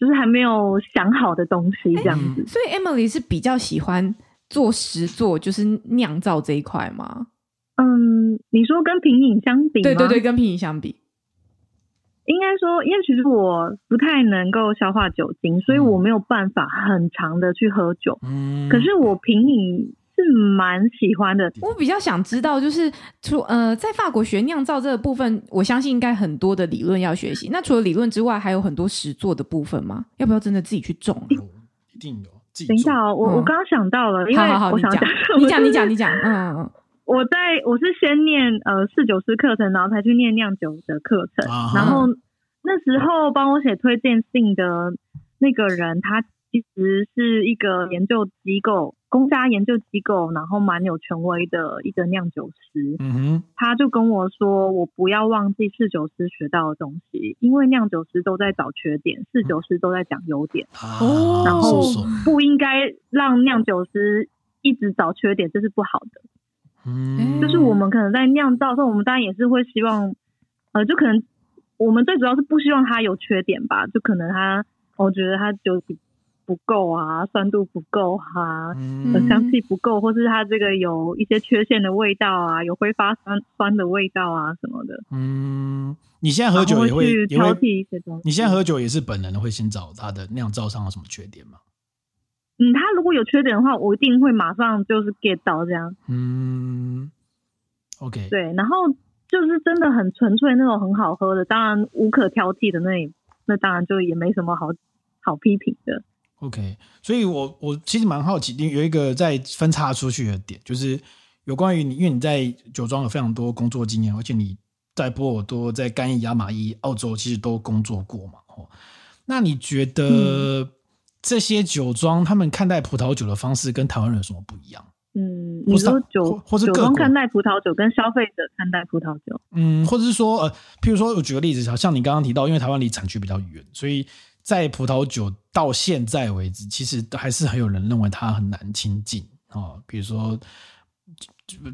就是還沒有想好的東西這樣子。欸、所以 Emily 是比較喜歡做實作，就是釀造這一塊嗎？嗯，你說跟品飲相比，對對對，跟品飲相比。應該說，因為其實我不太能夠消化酒精，嗯、所以我沒有辦法很長的去喝酒。嗯，可是我品飲是蠻喜歡的。我比較想知道，就是除呃，在法國學釀造這個部分，我相信應該很多的理論要學習。那除了理論之外，還有很多實作的部分嗎？要不要真的自己去種？一定有自己。等一下哦，我我剛想到了，嗯、因為好好好，我想講講，你講，你講，你講，嗯。我在我是先念呃侍酒師課程，然後才去念釀酒的課程。Uh huh. 然後那時候幫我寫推薦信的那個人，他其實是一個研究機構，公家研究機構，然後蠻有權威的一個釀酒師。Uh huh. 他就跟我說：“我不要忘記侍酒師學到的東西，因為釀酒師都在找缺點，uh huh. 侍酒師都在講優點。哦、uh，huh. 然後不應該讓釀酒師一直找缺點，這是不好的。”嗯、就是我們可能在釀造上，我們當然也是會希望，呃，就可能我們最主要是不希望它有缺點吧，就可能它，我、哦、覺得它酒體不夠啊，酸度不夠啊，嗯、香氣不夠，或是它這個有一些缺陷的味道啊，有揮發酸酸的味道啊什麼的。嗯，你現在喝酒也會也會挑剔一些東西。你現在喝酒也是本能的會先找它的釀造上有什麼缺點嗎？嗯，他如果有缺點的話，我一定會馬上就是 get 到這樣。嗯，OK，對，然後就是真的很純粹那種很好喝的，當然無可挑剔的那那當然就也沒什麼好好批評的。OK，所以我我其實蠻好奇，有一個在分叉出去的點，就是有關於你，因為你在酒莊有非常多工作經驗，而且你在波爾多、在干邑、雅馬邑、澳洲其實都工作過嘛。哦，那你覺得？嗯這些酒莊他們看待葡萄酒的方式跟台灣人有什麼不一樣？嗯，你說酒酒莊看待葡萄酒跟消費者看待葡萄酒，嗯，或者是說呃，譬如說我舉個例子，像像你剛剛提到，因為台灣離產區比較遠，所以在葡萄酒到現在為止，其實還是很有人認為它很難親近啊，比如說。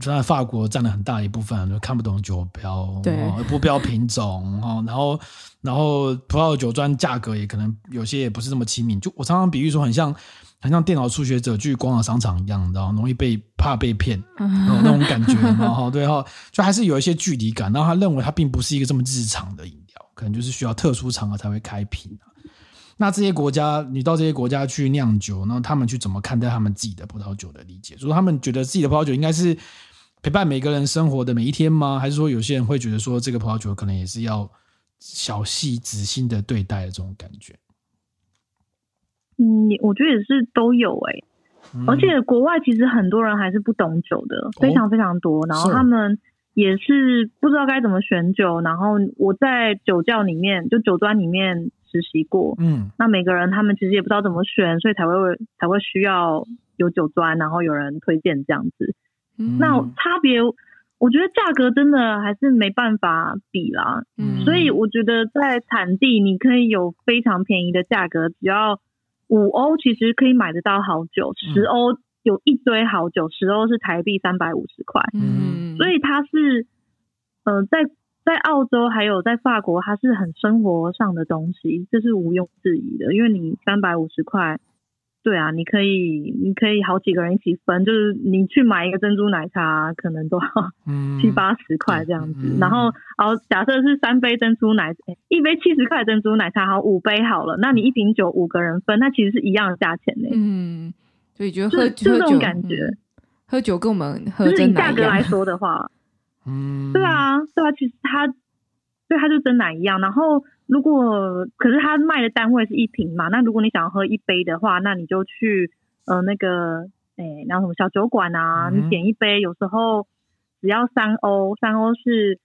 就在法國佔了很大一部分，就看不懂酒標，對，不、啊、標品種，哈、啊，然後，然後葡萄酒莊價格也可能有些也不是這麼親民，就我常常比喻說，很像，很像電腦初學者去逛了商場一樣的，容易被怕被騙 那種感覺，然、啊、後對哈，就還是有一些距離感，然後他認為它並不是一個這麼日常的飲料，可能就是需要特殊場合才會開瓶。那這些國家，你到這些國家去釀酒，然後他們去怎麼看待他們自己的葡萄酒的理解？如果、就是、他們覺得自己的葡萄酒應該是陪伴每個人生活的每一天嗎？還是說有些人會覺得說這個葡萄酒可能也是要小細仔細的對待的這種感覺？嗯，我覺得也是都有哎、欸，而且國外其實很多人還是不懂酒的，嗯、非常非常多，然後他們也是不知道該怎麼選酒，是然後我在酒窖裡面，就酒莊裡面。實習過，嗯，那每個人他們其實也不知道怎麼選，所以才會才會需要有酒莊，然後有人推薦這樣子。嗯、那差別，我覺得價格真的還是沒辦法比啦。嗯，所以我覺得在產地，你可以有非常便宜的價格，只要五歐，其實可以買得到好酒；十歐有一堆好酒，十歐是台幣三百五十塊。嗯，所以它是，嗯、呃，在。在澳洲還有在法國，它是很生活上的東西，這是毋庸置疑的。因為你三百五十塊，對啊，你可以你可以好幾個人一起分。就是你去買一個珍珠奶茶，可能都要七八十塊這樣子。嗯嗯嗯，然後哦，假設是三杯珍珠奶，一杯七十塊珍珠奶茶好，好五杯好了，那你一瓶酒五個人分，那其實是一樣的價錢呢，欸。嗯，所以覺得喝這種感覺，喝酒跟我們喝珍珠奶茶，就是以價格來說的話。嗯，對啊，對啊，其實它對它就珍奶一樣。然後，如果可是它賣的單位是一瓶嘛，那如果你想要喝一杯的話，那你就去呃那個，哎，然後什麼小酒館啊，嗯、你點一杯，有時候只要三歐，三歐是，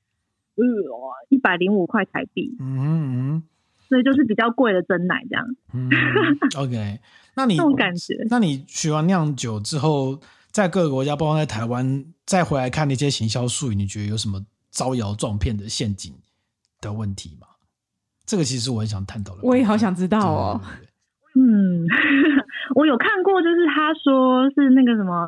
一百零五塊台幣。嗯，嗯所以就是比較貴的珍奶這樣。OK，、嗯、 那你這種感覺，那你學完釀酒之後。在各個國家，包括在台灣，再回來看那些行銷術語，你覺得有什麼招搖撞騙的陷阱的問題嗎？這個其實我很想探討的，我也好想知道哦。嗯，我有看過，就是他說是那個什麼，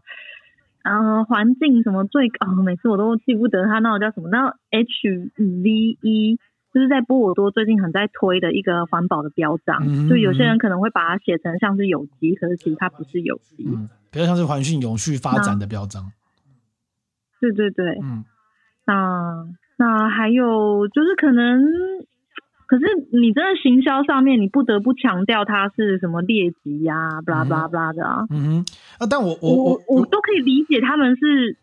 呃，環境什麼最哦，每次我都記不得他那個叫什麼，那 HVE。就是在波爾多最近很在推的一個環保的標章，嗯嗯，就有些人可能會把它寫成像是有機，可是其實它不是有機，嗯，比較像是環境永續發展的標章。對對對，嗯，那那還有就是可能，可是你真的行銷上面，你不得不強調它是什麼列級呀？巴拉巴拉巴拉的啊，嗯哼、嗯，啊，但我我我我，我，我都可以理解他們是。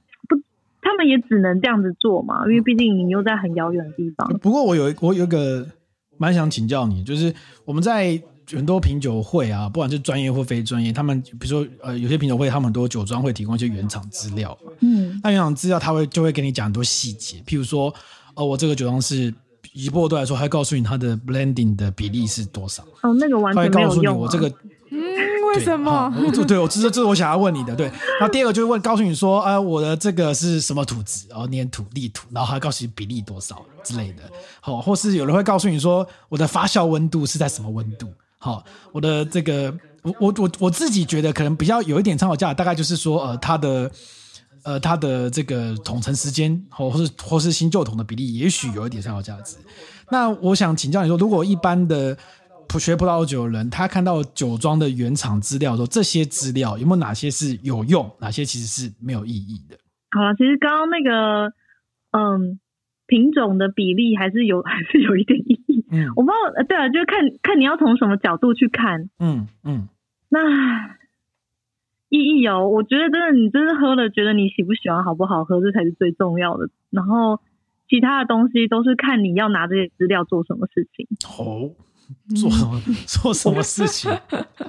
他們也只能這樣子做嘛，因為畢竟你又在很遙遠的地方、嗯。不過我有一我有一個蠻想請教你，就是我們在很多品酒會啊，不管是專業或非專業，他們比如說、呃、有些品酒會，他們很多酒莊會提供一些原廠資料，嗯，那原廠資料他就會就會給你講很多細節，譬如說呃我這個酒莊是，以波多來說，還告訴你它的 blending 的比例是多少，哦那個完全沒有用、啊、告訴你，我這個、嗯對什麼、哦？對，我這這這是我想要問你的。對，那第二個就是問，告訴你說，呃，我的這個是什麼土質？然後粘土、立土，然後還告訴你比例多少之類的。好、哦，或是有人會告訴你說，我的發酵溫度是在什麼溫度？好、哦，我的這個，我我我我自己覺得可能比較有一點參考價值，大概就是說，呃，它的，呃，它的這個桶層時間，或、哦、或是或是新舊桶的比例，也許有一點參考價值。那我想請教你說，如果一般的。不學葡萄酒的人，他看到酒莊的原廠資料說，這些資料有沒有哪些是有用，哪些其實是沒有意義的？好了、啊，其實剛剛那個，嗯，品種的比例還是有，還是有一點意義。嗯，我不知道，對了、啊，就是看看你要從什麼角度去看。嗯嗯，嗯那意義哦，我覺得真的，你真的喝了，覺得你喜不喜歡，好不好喝，這才是最重要的。然後其他的東西都是看你要拿這些資料做什麼事情。哦。Oh. 做什麼、嗯、做什麼事情？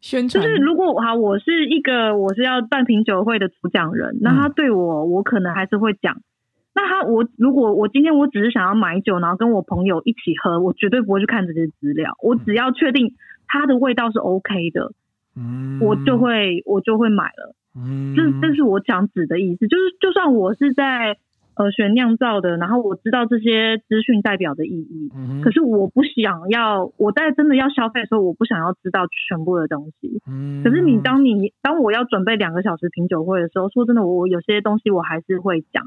宣傳傳 就是如果好，我是一個我是要辦品酒會的主講人，那他對我，嗯、我可能還是會講。那他我如果我今天我只是想要買酒，然後跟我朋友一起喝，我絕對不會去看這些資料。我只要確定它的味道是 OK 的，嗯、我就會我就會買了。嗯、這這是我講紙的意思，就是就算我是在。呃，學釀造的，然後我知道這些資訊代表的意義。嗯，可是我不想要，我在真的要消費的時候，我不想要知道全部的東西。嗯，可是你當你當我要準備兩個小時品酒會的時候，說真的，我有些東西我還是會講。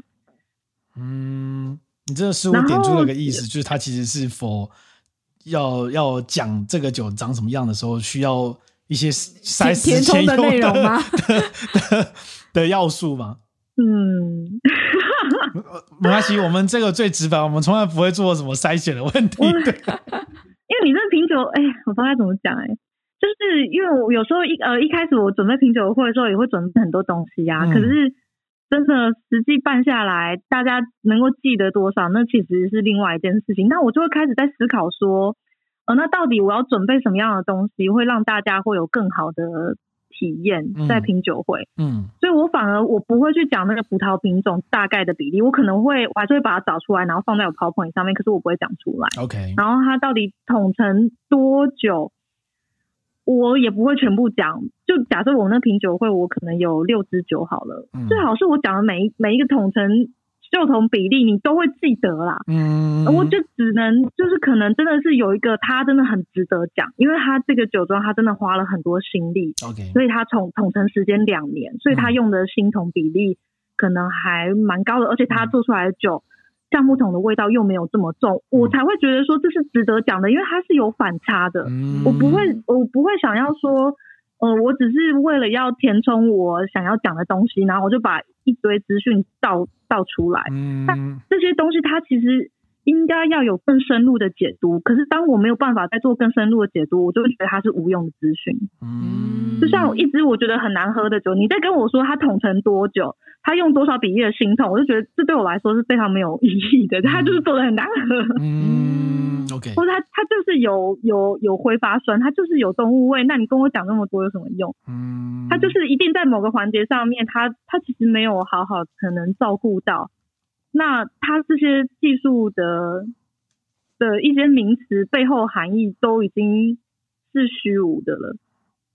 嗯，你真的是我點出了個意思，後就是他其實是否要要講這個酒長什麼樣的時候，需要一些塞填充的內容嗎的的的？的要素嗎？嗯。 沒關係，我們這個最直白，我們從來不會做什麼篩選的問題。對，因為你這品酒，哎，我不知道怎麼講？哎，就是因為我有時候一呃一開始我準備品酒會的時候，也會準備很多東西呀、啊。嗯、可是真的實際辦下來，大家能夠記得多少，那其實是另外一件事情。那我就會開始在思考說，呃，那到底我要準備什麼樣的東西，會讓大家會有更好的體驗在品酒會嗯，嗯，所以我反而我不會去講那個葡萄品種大概的比例，我可能會我還是會把它找出來，然後放在我 PowerPoint 上面，可是我不會講出來，OK。然後它到底桶陳多久，我也不會全部講。就假設我那品酒會，我可能有六支酒好了，嗯、最好是我講的每一每一個桶陳。舊桶比例你都會記得啦，嗯，我就只能就是可能真的是有一個他真的很值得講，因為他這個酒莊他真的花了很多心力 Okay. 所以他桶陳時間兩年，所以他用的新桶比例可能還蠻高的，嗯、而且他做出來的酒，橡、嗯、木桶的味道又沒有這麼重，我才會覺得說這是值得講的，因為它是有反差的，嗯、我不會我不會想要說。呃，我只是為了要填充我想要講的東西，然後我就把一堆資訊倒倒出來。嗯，但這些東西它其實。應該要有更深入的解讀，可是當我沒有辦法再做更深入的解讀，我就會覺得它是無用的資訊。嗯，就像一直我覺得很難喝的酒，你在跟我說它桶陳多久，它用多少比例的新桶，我就覺得這對我來說是非常沒有意義的。嗯、它就是做得很難喝。嗯，OK，或者它它就是有有有揮發酸，它就是有動物味。那你跟我講那麼多有什麼用？嗯，它就是一定在某個環節上面，它它其實沒有好好可能照顧到。那它這些技術的的一些名詞背後含義，都已經是虛無的了。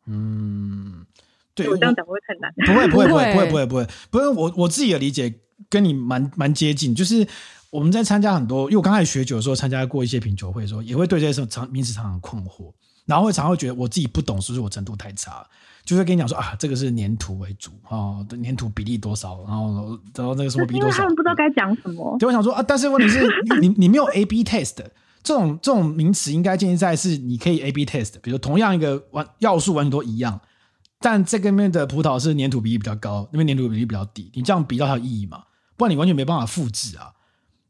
嗯，對，我這樣講會太難啊。不會不會不會不會不會不會，不我我自己的理解跟你蠻蠻接近。就是我們在參加很多，因為我剛開始學酒的時候，參加過一些品酒會的時候，說也會對這些常名詞常常困惑，然後會常會覺得我自己不懂，是不是我程度太差？就會跟你講說啊，這個是粘土為主啊，的、哦、粘土比例多少，然後然後那個是什麼比例多少，因為他們不知道該講什麼。就我想說啊，但是問題是，你你，你沒有 A B test 這種這種名詞，應該建議在是你可以 A B test，比如說同樣一個完要素完全都一樣，但這個面的葡萄是粘土比例比較高，那邊粘土比例比較低，你這樣比較還有意義嗎？不然你完全沒辦法複製啊。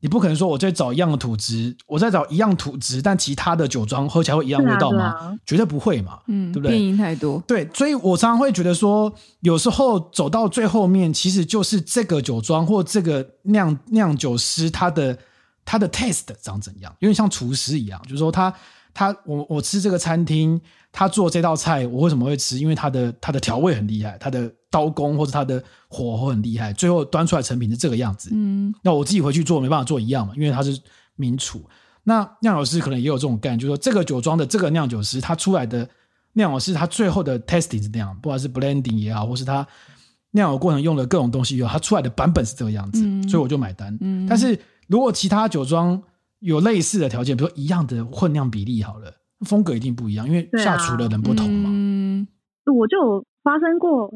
你不可能說我在找一樣的土質，我在找一樣土質，但其他的酒莊喝起來會一樣味道嗎？嗯、絕對不會嘛，對不對？變因太多，對，所以我常常會覺得說，有時候走到最後面，其實就是這個酒莊或這個釀釀酒師他的他的 taste 長怎樣，有點像廚師一樣，就是說他他我我吃這個餐廳，他做這道菜，我為什麼會吃？因為他的他的調味很厲害，他的。刀工或者他的火候很厲害，最後端出來成品是這個樣子。嗯，那我自己回去做沒辦法做一樣嘛，因為他是名廚。那釀酒師可能也有這種概念，就是說這個酒莊的這個釀酒師，他出來的釀酒師他最後的 testing 是這樣，不管是 blending 也好，或是他釀酒過程用的各種東西，他出來的版本是這個樣子，所以我就買單。嗯，但是如果其他酒莊有類似的條件，比如說一樣的混釀比例好了，風格一定不一樣，因為下廚的人不同嘛、啊。嗯，我就發生過。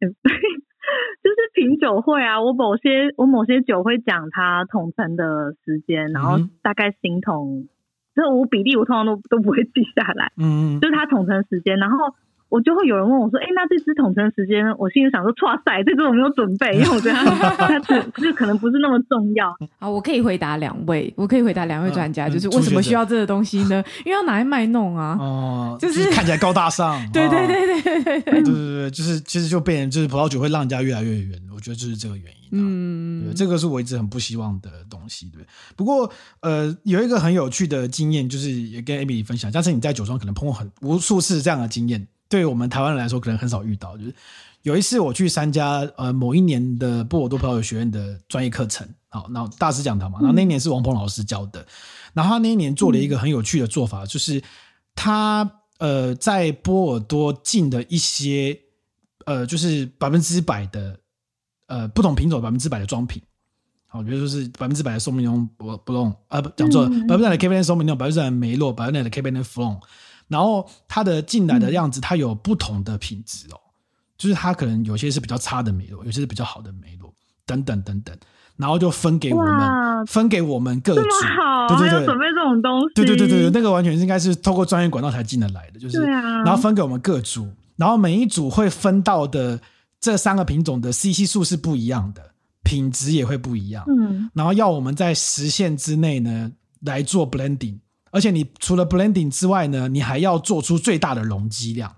對， 就是品酒會啊，我某些我某些酒會講它桶陳的時間，然後大概新桶，這、嗯、我比例我通常都都不會記下來，嗯，就是它桶陳時間，然後。我就會有人問我說：“哎，那這支桶陳時間？”我心裡想說：“哇塞，這支我沒有準備，因為我這樣，它這 可能不是那麼重要。”好，我可以回答兩位，我可以回答兩位專家，嗯、就是為什麼需要這個東西呢？嗯、因為要拿來賣弄啊，哦、嗯，就是、就是看起來高大上。 啊、對對對對對 對對對對，就是其實就變成就是葡萄酒會讓人家越來越遠，我覺得就是這個原因、啊。嗯，這個是我一直很不希望的東西，對。不過呃，有一個很有趣的經驗，就是也跟 Emily 分享，相信你在酒莊可能碰過很無數次這樣的經驗。對於我們台灣人來說，可能很少遇到。就是有一次我去參加呃某一年的波爾多葡萄酒學院的專業課程，好，大師講堂嘛。然後那一年是王鵬老師教的，然後他那一年做了一個很有趣的做法，就是他呃在波爾多進的一些呃就是百分之百的呃不同品種百分之百的裝瓶。好，比如說是百分之百的蘇維濃不不隆啊，不講錯了，百分之百的 KBN 蘇維濃，百分之百的梅洛，百分之百的 KBN 弗朗。然後它的進來的樣子，它有不同的品質哦，就是它可能有些是比較差的梅洛，有些是比較好的梅洛，等等等等，然後就分給我們，分給我們各組，好對對對，就準備這種東西，對，對對對對，那個完全是應該是透過專業管道才進得來的，就是，啊、然後分給我們各組，然後每一組會分到的這三個品種的 CC 數是不一樣的，品質也會不一樣，嗯、然後要我們在時限之內呢來做 blending。而且你除了 blending 之外呢，你還要做出最大的容積量。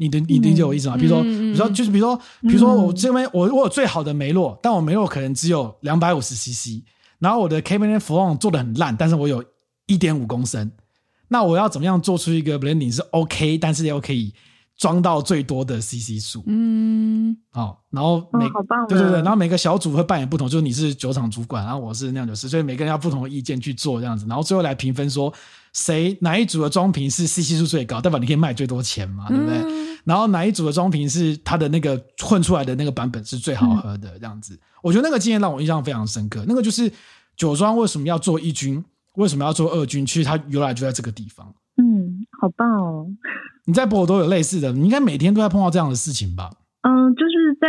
你懂你理解我意思嗎？比如說，嗯、比如說，就是比如說，嗯、比如說，我這邊我我有最好的梅洛，但我梅洛可能只有兩百五十 CC，然後我的 Cabernet Franc 做的很爛，但是我有一點五公升。那我要怎麼樣做出一個 blending 是 OK，但是又可以？裝到最多的 CC 數，嗯，好、哦，然後每、哦、好棒對對對，然後每個小組會扮演不同，就是你是酒廠主管，然後我是釀酒師，所以每個人要不同的意見去做這樣子，然後最後來評分，說誰哪一組的裝瓶是 CC 數最高，代表你可以賣最多錢嘛，對不對？嗯、然後哪一組的裝瓶是它的那個混出來的那個版本是最好喝的這樣子，嗯、我覺得那個經驗讓我印象非常深刻。那個就是酒莊為什麼要做一軍，為什麼要做二軍，其實它原來就在這個地方。嗯，好棒哦。你在波爾多有類似的，你應該每天都在碰到這樣的事情吧？嗯，就是在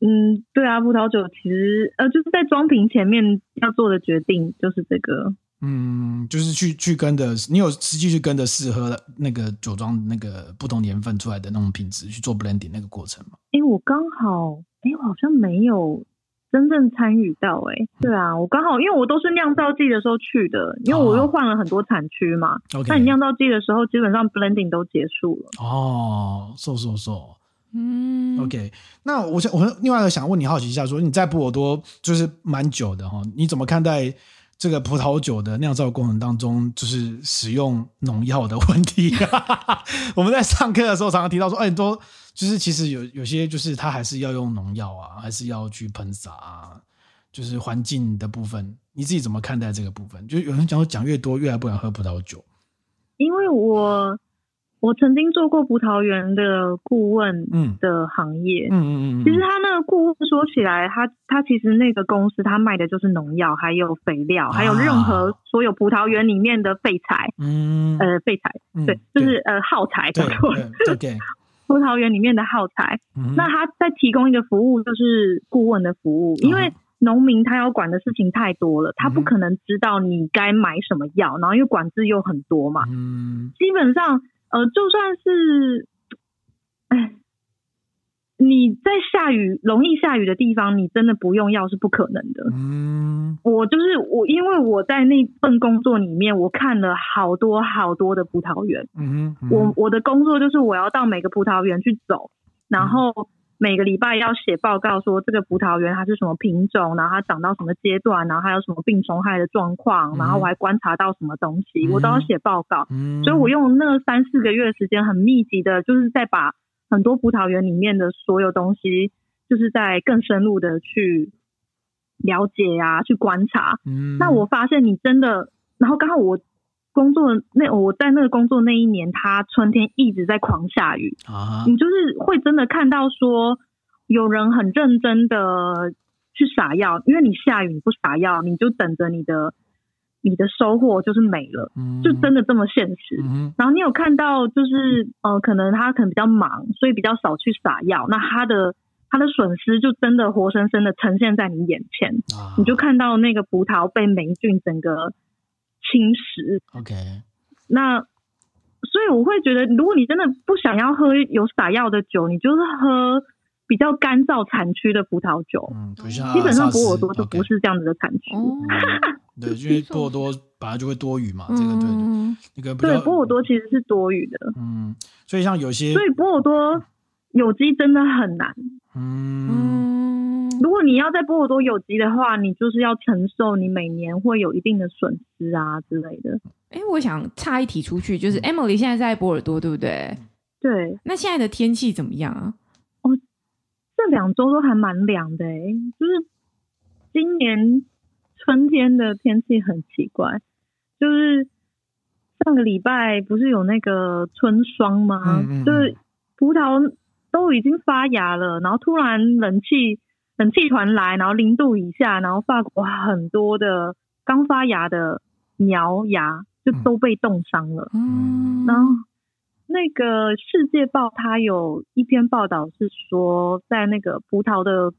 嗯，對啊，葡萄酒其實呃，就是在裝瓶前面要做的決定就是這個，嗯，就是去去跟着，你有實際去跟着試喝的那個酒莊那個不同年份出來的那種品質去做 blending 那個過程嗎？哎，我剛好，哎，我好像沒有。真正參與到哎、欸，對啊，我剛好因為我都是釀造季的時候去的，因為我又換了很多產區嘛。哦啊、那你釀造季的時候，基本上 blending 都結束了哦，so so so，嗯，OK。那我想，我另外一個想問你，好奇一下，說你在波爾多就是蠻久的哈，你怎麼看待？這個葡萄酒的釀造過程當中，就是使用農藥的問題、啊。 我們在上課的時候常常提到說，哎、欸，都就是其實有有些就是它還是要用農藥啊，還是要去噴灑啊，就是環境的部分。你自己怎麼看待這個部分？就有人講說，講越多，越來不敢喝葡萄酒，因為我。我曾經做過葡萄園的顧問，的行業，嗯嗯嗯。其實他那個顧問說起來，他他其實那個公司他賣的就是農藥，還有肥料，還有任何所有葡萄園裡面的廢材，嗯，呃，廢材，對，就是呃耗材，對。沒錯，OK。葡萄園裡面的耗材，那他再提供一個服務，就是顧問的服務，因為農民他要管的事情太多了，他不可能知道你該買什麼藥，然後又管制又很多嘛，嗯，基本上。呃，就算是，哎，你在下雨，容易下雨的地方，你真的不用藥是不可能的。嗯，我就是我，因為我在那份工作裡面，我看了好多好多的葡萄園。嗯，嗯，我我的工作就是我要到每個葡萄園去走，然後。嗯每個禮拜要寫報告，說這個葡萄園它是什麼品種，然後它長到什麼階段，然後還有什麼病蟲害的狀況，然後我還觀察到什麼東西，嗯，我都要寫報告。嗯，所以，我用那三四個月時間，很密集的，就是在把很多葡萄園裡面的所有東西，就是在更深入的去了解呀，、啊，去觀察。嗯，那我發現你真的，然後剛好我。工作那我在那個工作那一年，他春天一直在狂下雨啊，uh huh. 你就是會真的看到說有人很認真的去撒藥，因為你下雨你不撒藥，你就等着你的你的收穫就是沒了，就真的這麼現實。Uh huh. 然後你有看到就是呃，可能他可能比較忙，所以比較少去撒藥，那他的他的損失就真的活生生的呈現在你眼前，uh huh. 你就看到那個葡萄被霉菌整個。侵蝕，OK，那所以我會覺得，如果你真的不想要喝有撒藥的酒，你就是喝比較乾燥產區的葡萄酒。嗯，基本上波爾多就不是這樣子的產區。Okay. 嗯、 對，因為波爾多本來就會多雨嘛，這個對，那個對，波爾、嗯、多其實是多雨的。嗯，所以像有些，所以波爾多有機真的很難。嗯，如果你要在波爾多有機的話，你就是要承受你每年會有一定的損失啊之類的。哎、欸，我想插一提出去，就是 Emily 現在在波爾多，對不對？對。那現在的天氣怎麼樣啊？哦，這兩周都還蠻涼的、欸，哎，就是今年春天的天氣很奇怪，就是上個禮拜不是有那個春霜嗎？嗯嗯嗯。就是葡萄。都已經發芽了，然後突然冷氣冷氣團來，然後零度以下，然後法國很多的剛發芽的苗芽就都被凍傷了。嗯，然後那個世界報他有一篇報道是說，在那個葡萄的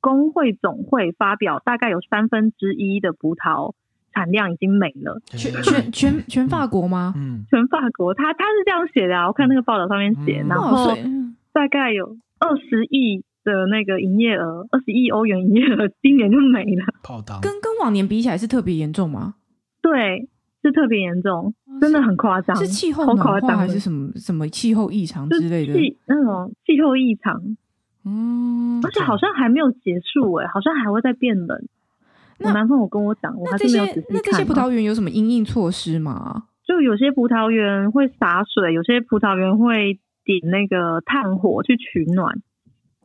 工會總會發表，大概有三分之一的葡萄產量已經沒了。全全全全法國嗎？嗯，嗯全法國。他他是這樣寫的啊，我看那個報道上面寫，嗯，然後。大概有二十億的那個營業額，二十億歐元營業額，今年就沒了。泡湯。跟跟往年比起來是特別嚴重嗎？對，是特別嚴重，真的很誇張、啊。是氣候暖化好誇張還是什麼什麼氣候異常之類的？氣那種氣候異常。嗯。而且好像還沒有結束哎、欸，好像還會再變冷。那我男朋友跟我講，我還是沒有仔細看、啊。這些，這些葡萄園有什麼因應措施嗎？就有些葡萄園會灑水，有些葡萄園會。點那個炭火去取暖，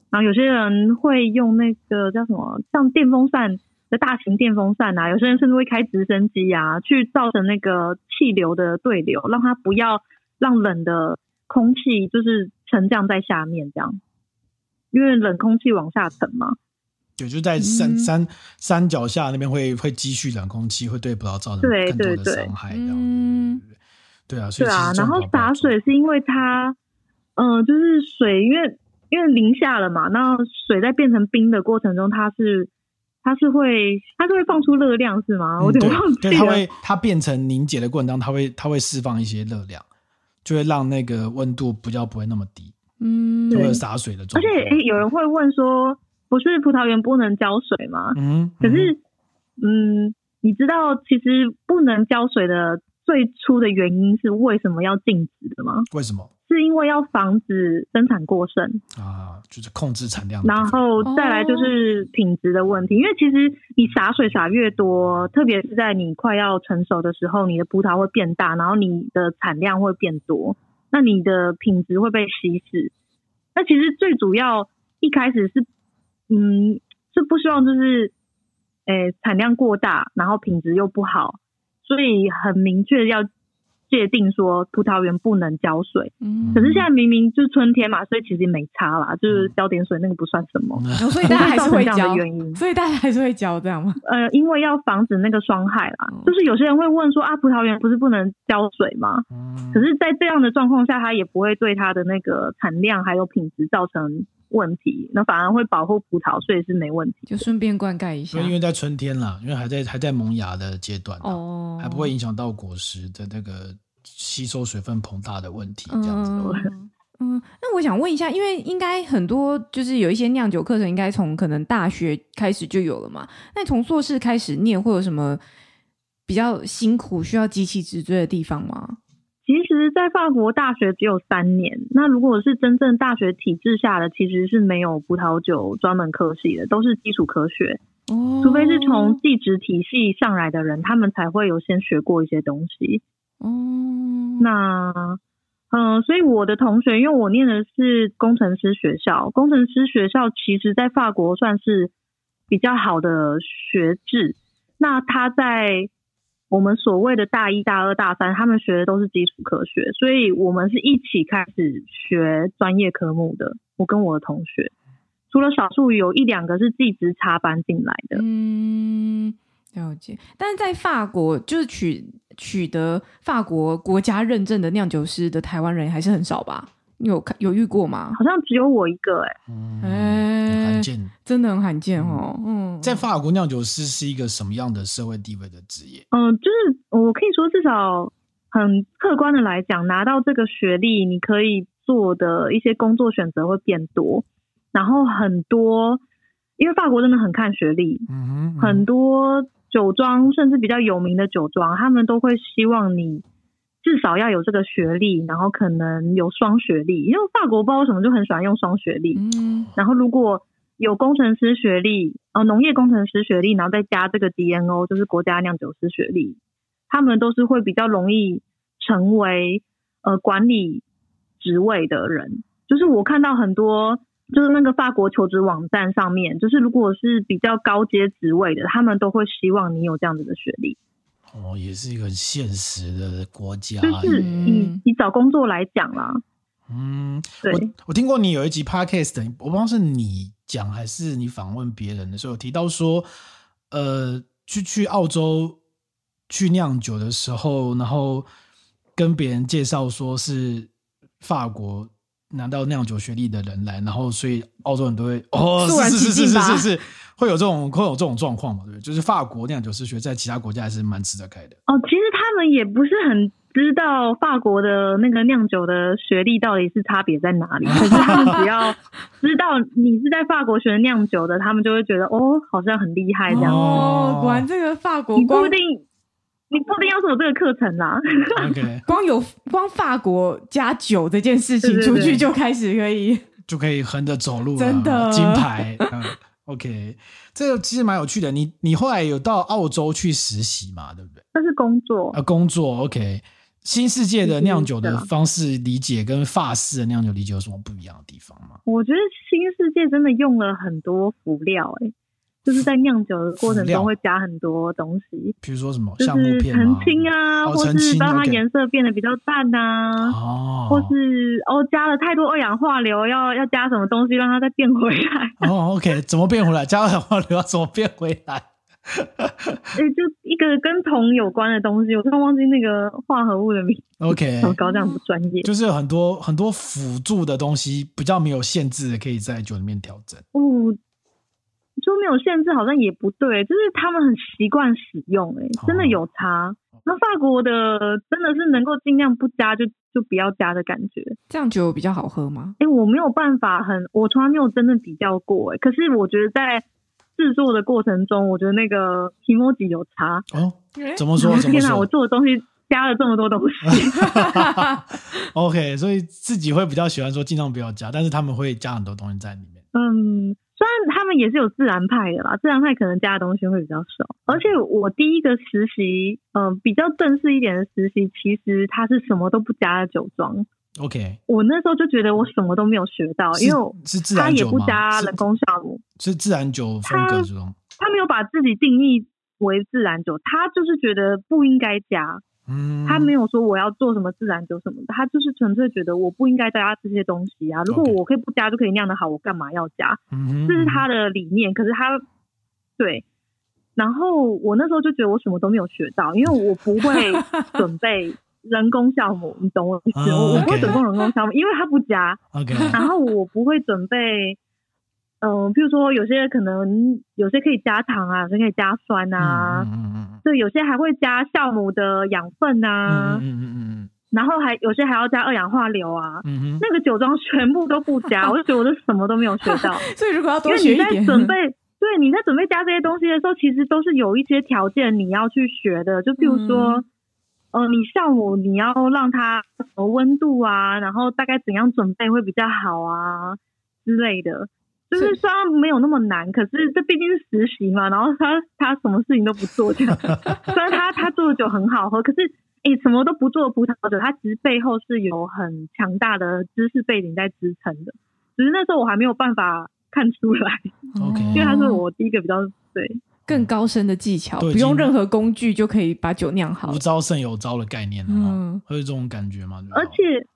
然後有些人會用那個叫什麼，像電風扇，就大型電風扇啊，有些人甚至會開直升機啊，去造成那個氣流的對流，讓它不要讓冷的空氣就是沉降在下面，這樣，因為冷空氣往下沉嘛。對，就在山山山腳下那邊會會積蓄冷空氣，會對葡萄造成更多的傷害。對啊，所以啊，對啊，然後灑水是因為它。嗯、呃，就是水，因為因為零下了嘛，那水在變成冰的過程中，它是它是會它是會放出熱量是嗎？嗯、我就忘記對。對，它會它變成凝結的過程，它會它會釋放一些熱量，就會讓那個溫度比較不會那麼低。嗯，就會灑水的狀。狀態。而且，哎，有人會問說，不是葡萄園不能澆水嗎？嗯，嗯可是，嗯，你知道，其實不能澆水的。最初的原因是為什麼要禁止的嗎？為什麼？是因為要防止生產過剩啊，就是控制產量。然後再來就是品質的問題，因為其實你灑水灑越多，特別是在你快要成熟的時候，你的葡萄會變大，然後你的產量會變多，那你的品質會被稀釋。那其實最主要一開始是，嗯，是不希望就是，誒，產量過大，然後品質又不好。所以很明確要界定說葡萄園不能澆水，嗯、可是現在明明就是春天嘛，所以其實也沒差啦。就是澆點水那個不算什麼，所以大家還是會澆。原因、哦，所以大家還是會澆這樣嗎？呃，因為要防止那個霜害啦。就是有些人會問說啊，葡萄園不是不能澆水嗎？嗯、可是在這樣的狀況下，它也不會對它的那個產量還有品質造成。問題，那反而會保護葡萄，所以是沒問題。就順便灌溉一下，因為在春天了，因為還在還在萌芽的階段，哦，還不會影響到果實的那個吸收水分膨大的問題，這樣子嗯嗯。嗯，那我想問一下，因為應該很多就是有一些釀酒課程，應該從可能大學開始就有了嘛？那從碩士開始念，會有什麼比較辛苦、需要急起直追的地方嗎？其實，在法國大學只有三年。那如果是真正大學體制下的，其實是沒有葡萄酒專門科系的，都是基礎科學。哦，除非是從地質體系上來的人，他們才會有先學過一些東西。哦，那嗯、呃，所以我的同學，因為我念的是工程師學校，工程師學校其實在法國算是比較好的學制。那他在。我們所謂的大一、大二、大三，他們學的都是基礎科學，所以我們是一起開始學專業科目的。我跟我的同學，除了少數有一兩個是技職插班進來的，嗯，了解。但是在法國，就是取取得法國國家認證的釀酒師的台灣人還是很少吧？有看有遇過嗎？好像只有我一個哎、欸，嗯，欸、罕見，真的很罕見哦。嗯，嗯，在法國釀酒師是一個什麼樣的社會地位的職業？嗯，就是我可以說至少很客觀的來講，拿到這個學歷，你可以做的一些工作選擇會變多。然後很多，因為法國真的很看學歷，嗯，嗯，很多酒莊甚至比較有名的酒莊，他們都會希望你。至少要有這個學歷，然後可能有雙學歷，因為法國不知道為什麼就很喜歡用雙學歷。嗯，然後如果有工程師學歷，呃，農業工程師學歷，然後再加這個 DNO，就是國家釀酒師學歷，他們都是會比較容易成為呃管理職位的人。就是我看到很多，就是那個法國求職網站上面，就是如果是比較高階職位的，他們都會希望你有這樣子的學歷。哦，也是一個很現實的國家，就是、嗯、以你找工作來講啦。嗯，對，我我聽過你有一集 podcast，我不知道是你講還是你訪問別人的時候提到說，呃，去去澳洲去釀酒的時候，然後跟別人介紹說是法國拿到釀酒學歷的人來，然後所以澳洲人都會哦，肅然起敬吧，是是是,是是是是是。會有這種會有這種狀況嘛？對，就是法國釀酒師學在其他國家還是蠻吃得開的。哦，其實他們也不是很知道法國的那個釀酒的學歷到底是差別在哪裡，啊、可是他們只要知道你是在法國學釀酒的， 他們就會覺得哦，好像很厲害這樣。哦，果然這個法國你不一定，你不一定要走這個課程啦、啊， Okay. 光有，光法國加酒這件事情出去就開始可以，對對對，就可以橫着走路，真的金牌。嗯。OK，這個其實蠻有趣的。你你後來有到澳洲去實習嘛？對不對？那是工作啊、呃，工作。OK，新世界的釀酒的方式理解跟法式的釀酒理解有什麼不一樣的地方嗎？我覺得新世界真的用了很多輔料、欸，就是在釀酒的過程中會加很多東西，比如說什麼，像是澄清啊，哦、或是讓它顏色變得比較淡啊，哦，或是哦，加了太多二氧化硫，要要加什麼東西讓它再變回來？哦，OK，怎麼變回來？ 加二氧化硫要怎麼變回來？欸、就一個跟銅有關的東西，我突然忘記那個化合物的名字。OK，、哦、搞，這樣不專業、嗯，就是有很多很多輔助的東西，比較沒有限制的可以在酒裡面調整。哦、嗯。說沒有限制好像也不對，就是他們很習慣使用、欸，哎，真的有差。哦、那法國的真的是能夠盡量不加就，就就不要加的感覺，這樣酒比較好喝嗎？哎、欸，我沒有辦法很，很我從來沒有真的比較過、欸，哎，可是我覺得在製作的過程中，我覺得那個提莫吉有差哦。怎麼說？天吶、啊，我做的東西加了這麼多東西。 OK，所以自己會比較喜歡說儘量不要加，但是他們會加很多東西在裡面。嗯，雖然他們也是有自然派的啦，自然派可能加的東西會比較少。而且我第一個實習，嗯、呃，比較正式一點的實習，其實他是什麼都不加的酒莊。OK，我那時候就覺得我什麼都沒有學到，因為是自然，他也不加人工酵母，是，是自然酒風格酒莊。他沒有把自己定義為自然酒，他就是覺得不應該加。嗯、他沒有說我要做什麼自然酒什麼，他就是純粹覺得我不應該加這些東西啊。如果我可以不加就可以釀得好，我幹嘛要加？嗯、哼這是他的理念。可是他對，然後我那時候就覺得我什麼都沒有學到，因為我不會準備人工酵母， 你懂我意思？我不會準備人工酵母，因為他不加。OK，然後我不會準備。嗯，呃，比如說有些可能有些可以加糖啊，有些可以加酸啊，嗯、對，有些還會加酵母的養分啊，嗯嗯嗯，嗯嗯然後還有些還要加二氧化硫啊，嗯嗯，嗯那個酒莊全部都不加，呵呵我就覺得我都什麼都沒有學到呵呵。所以如果要多學一點，因為你在準備，對，你在準備加這些東西的時候，其實都是有一些條件你要去學的，就比如說，嗯、呃，你酵母你要讓它什麼溫度啊，然後大概怎樣準備會比較好啊之類的。就是雖然沒有那麼難，可是這畢竟是實習嘛。然後他他什麼事情都不做，這樣 雖然他他做的酒很好喝，可是誒、欸、什麼都不做，葡萄酒他其實背後是有很強大的知識背景在支撐的。只是那時候我還沒有辦法看出來。OK，嗯、因為他是我第一個比較對更高深的技巧，不用任何工具就可以把酒釀好，無招勝有招的概念有沒有，嗯，會有這種感覺嗎？而且。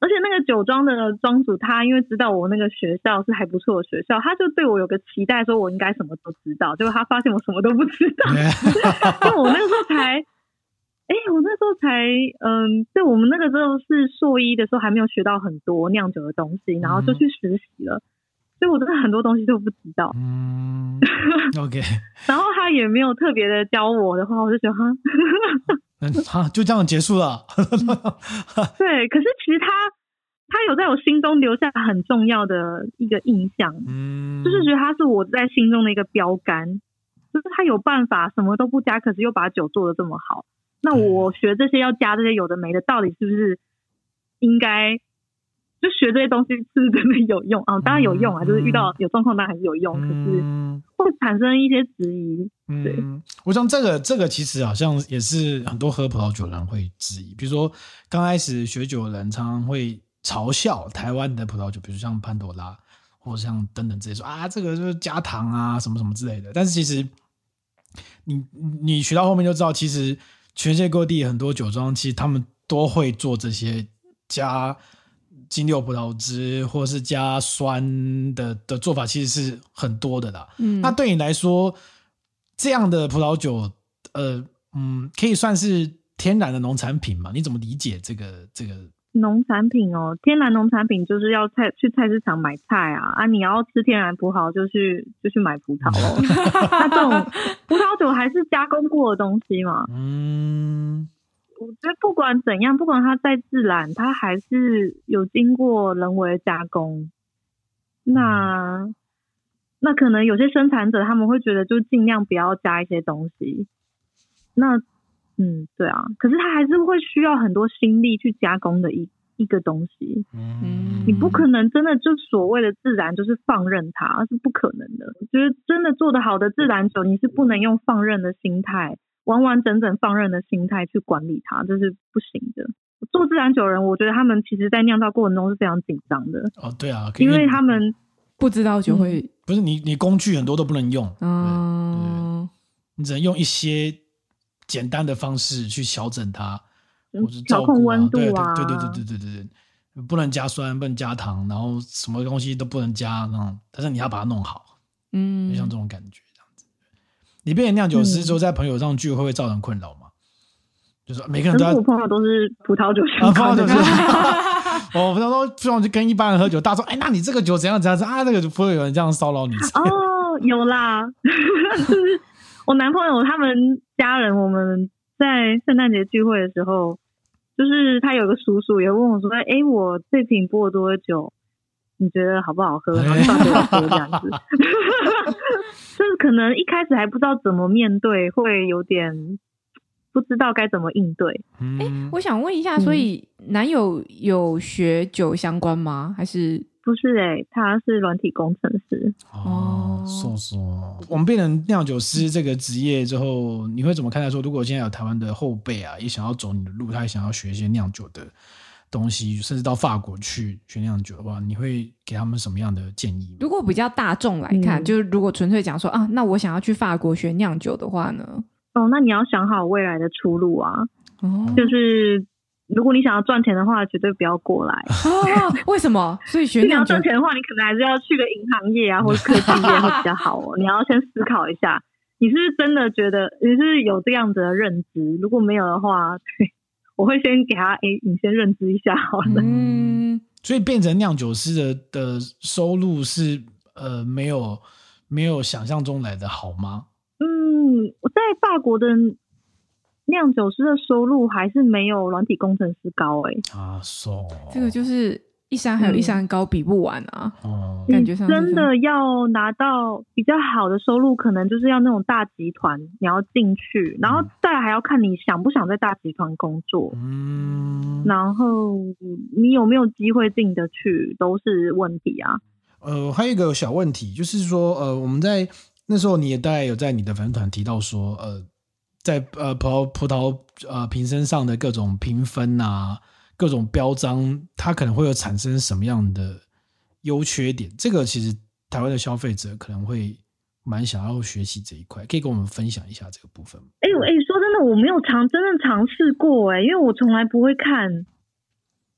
而且那個酒莊的莊主，他因為知道我那個學校是還不錯的學校，他就對我有個期待，說我應該什麼都知道。結果他發現我什麼都不知道，因為 我那個時候才，哎、欸，我那時候才，嗯，對我們那個時候是碩一的時候，還沒有學到很多釀酒的東西，然後就去實習了，嗯、所以我真的很多東西都不知道。嗯 ，OK。然後他也沒有特別的教我的話，我就覺得，哈哈。 好，就這樣結束了、嗯。 對，可是其實他，他有在我心中留下很重要的一個印象，嗯，就是覺得他是我在心中的一個標桿，就是他有辦法什麼都不加，可是又把酒做的這麼好。那我學這些要加這些有的沒的，到底是不是應該？就學這些東西是不是真的有用啊？當然有用啊，就是遇到有狀況，當然很有用，嗯、可是會產生一些質疑。嗯，我想這個這個其實好像也是很多喝葡萄酒的人會質疑，比如說剛開始學酒的人，常常會嘲笑台灣的葡萄酒，比如像潘朵拉或者像等等這些，說啊這個就是加糖啊什麼什麼之類的。但是其實你你學到後面就知道，其實全世界各地很多酒莊，其實他們都會做這些加精餾葡萄汁或者是加酸的的做法，其實是很多的啦。嗯、那對你來說，這樣的葡萄酒，呃，嗯，可以算是天然的農產品嗎？你怎麼理解這個這個農產品哦？天然農產品就是要菜去菜市場買菜啊！啊，你要吃天然葡萄就去就去買葡萄嘍，哦。 那這種葡萄酒還是加工過的東西嗎？嗯，我覺得不管怎樣，不管它再自然，它還是有經過人為的加工。那。那可能有些生產者他們會覺得，就儘量不要加一些東西。那，嗯，對啊，可是他還是會需要很多心力去加工的一一個東西。嗯，你不可能真的就所謂的自然就是放任它，是不可能的。就是真的做得好的自然酒，你是不能用放任的心態，完完整整放任的心態去管理它，這是不行的。做自然酒的人，我覺得他們其實，在釀造過程中是非常緊張的。哦，對啊，okay, 因為他們。不知道就會、嗯、不是你，你工具很多都不能用，嗯，你只能用一些簡單的方式去調整它，或者控制溫度啊，對，對對對對對，不能加酸，不能加糖，然後什麼東西都不能加，然、嗯、但是你要把它弄好，嗯，就像這種感覺這樣子。你變成釀酒師之後，在朋友上聚會不會造成困擾嗎？嗯、就是每個人都要，朋友都是葡萄酒葡萄酒師。 我都不要說，不然就跟一般人喝酒。大家說：“哎、欸，那你這個酒怎樣怎樣？啊，那個就不會有人這樣騷擾你。”哦，有啦、 就是。我男朋友他們家人，我們在聖誕節聚會的時候，就是他有個叔叔也問我說：“哎、欸，我這瓶波爾多酒，你覺得好不好喝？”然後放給我喝這樣子，就是可能一開始還不知道怎麼面對，會有點。不知道該怎麼應對。哎、嗯欸，我想問一下，嗯、所以男友有學酒相關嗎？還是不是、欸？哎，他是軟體工程師。哦，說說、哦，我們變成釀酒師這個職業之後，你會怎麼看待說？說如果現在有台灣的後輩啊，也想要走你的路，他也想要學一些釀酒的東西，甚至到法國去學釀酒的話，你會給他們什麼樣的建議？如果比較大眾來看，嗯、就是如果純粹講說啊，那我想要去法國學釀酒的話呢？哦，那你要想好未來的出路啊！哦、嗯，就是如果你想要賺錢的話，絕對不要過來。啊、為什麼？所以學 你要賺錢的話，你可能還是要去個銀行業啊，或者科技業會比較好哦。 你要先思考一下，你是，不是真的覺得你是，是有這樣子的認知？如果沒有的話，對，我會先給他哎、欸，你先認知一下好了。嗯，所以變成釀酒師的的收入是呃，沒有沒有想象中來的好嗎？我在法國的釀酒師的收入還是沒有軟體工程師高。哎、欸，oh, so. 這個就是一山還有一山高，比不完啊。感覺、mm. 真的要拿到比較好的收入，可能就是要那種大集團，你要進去，然後再還要看你想不想在大集團工作，嗯，mm. 然後你有沒有機會進得去，都是問題啊。呃，還有一個小問題就是說，呃，我們在。那時候你也大概有在你的粉絲團提到說，呃，在呃葡萄葡萄呃瓶身上的各種評分啊，各種標章，它可能會有產生什麼樣的優缺點？這個其實台灣的消費者可能會蠻想要學習這一塊，可以跟我們分享一下這個部分嗎？哎、欸，哎、欸，說真的，我沒有嘗，真的嘗試過哎、欸，因為我從來不會看。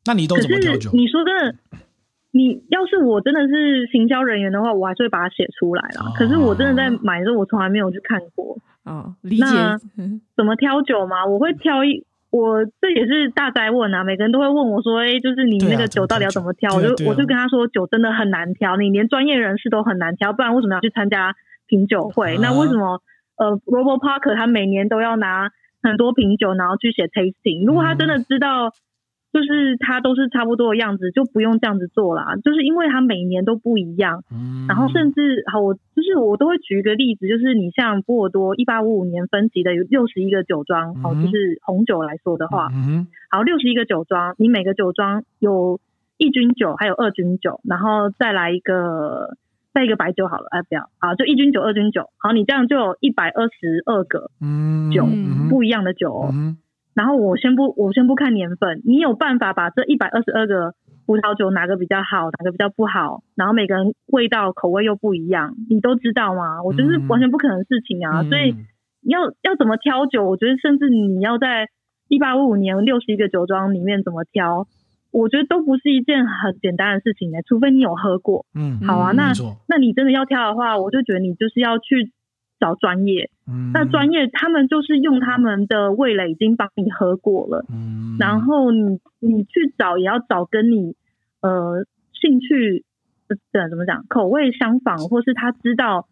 那你都怎麼挑酒？你說真的。你要是我真的是行銷人員的話，我還是會把它寫出來啦。哦、可是我真的在買的時候，我從來沒有去看過啊、哦。理解。那怎麼挑酒嗎？我會挑一，我這也是大哉問啊！每個人都會問我說：“哎、欸，就是你那個酒到底要怎麼挑？”啊、麼挑，我就對對對，我就跟他說：“酒真的很難挑，你連專業人士都很難挑，不然為什麼要去參加品酒會？嗯、那為什麼呃 Robert Parker 他每年都要拿很多瓶酒，然後去寫 tasting？如果他、嗯、真的知道。”就是它都是差不多的樣子，就不用這樣子做啦。就是因為它每年都不一樣，嗯、然後甚至好，我就是我都會舉一個例子，就是你像波爾多一八五五年分級的有六十一個酒莊，好、嗯哦，就是紅酒來說的話，嗯、好六十一個酒莊，你每個酒莊有一軍酒，還有二軍酒，然後再來一個再一個白酒好了，哎、啊、不要，好就一軍酒二軍酒，好你這樣就有一百二十二個酒、嗯、不一樣的酒、哦。嗯然後我先不，我先不看年份。你有辦法把這一百二十二個葡萄酒哪個比較好，哪個比較不好？然後每個人味道、口味又不一樣，你都知道嗎？我覺得是完全不可能的事情啊！嗯、所以要要怎麼挑酒，我覺得甚至你要在一八五五年六十一個酒莊裡面怎麼挑，我覺得都不是一件很簡單的事情呢、欸。除非你有喝過，嗯，好啊，嗯、那沒錯。那你真的要挑的話，我就覺得你就是要去找專業。嗯、那專業，他們就是用他們的味蕾已經幫你喝過了，嗯，然後你你去找也要找跟你呃興趣的、呃、怎麼講口味相仿，或是他知道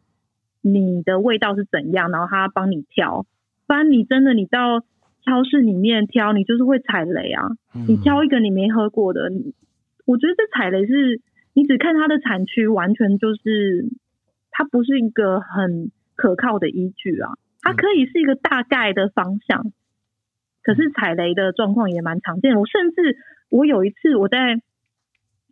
你的味道是怎樣，然後他幫你挑，不然你真的你到超市裡面挑，你就是會踩雷啊！嗯、你挑一個你沒喝過的，你我覺得這踩雷是你只看它的產區，完全就是它不是一個很。可靠的依據啊，它可以是一個大概的方向，嗯、可是踩雷的狀況也蠻常見。我甚至我有一次我，我在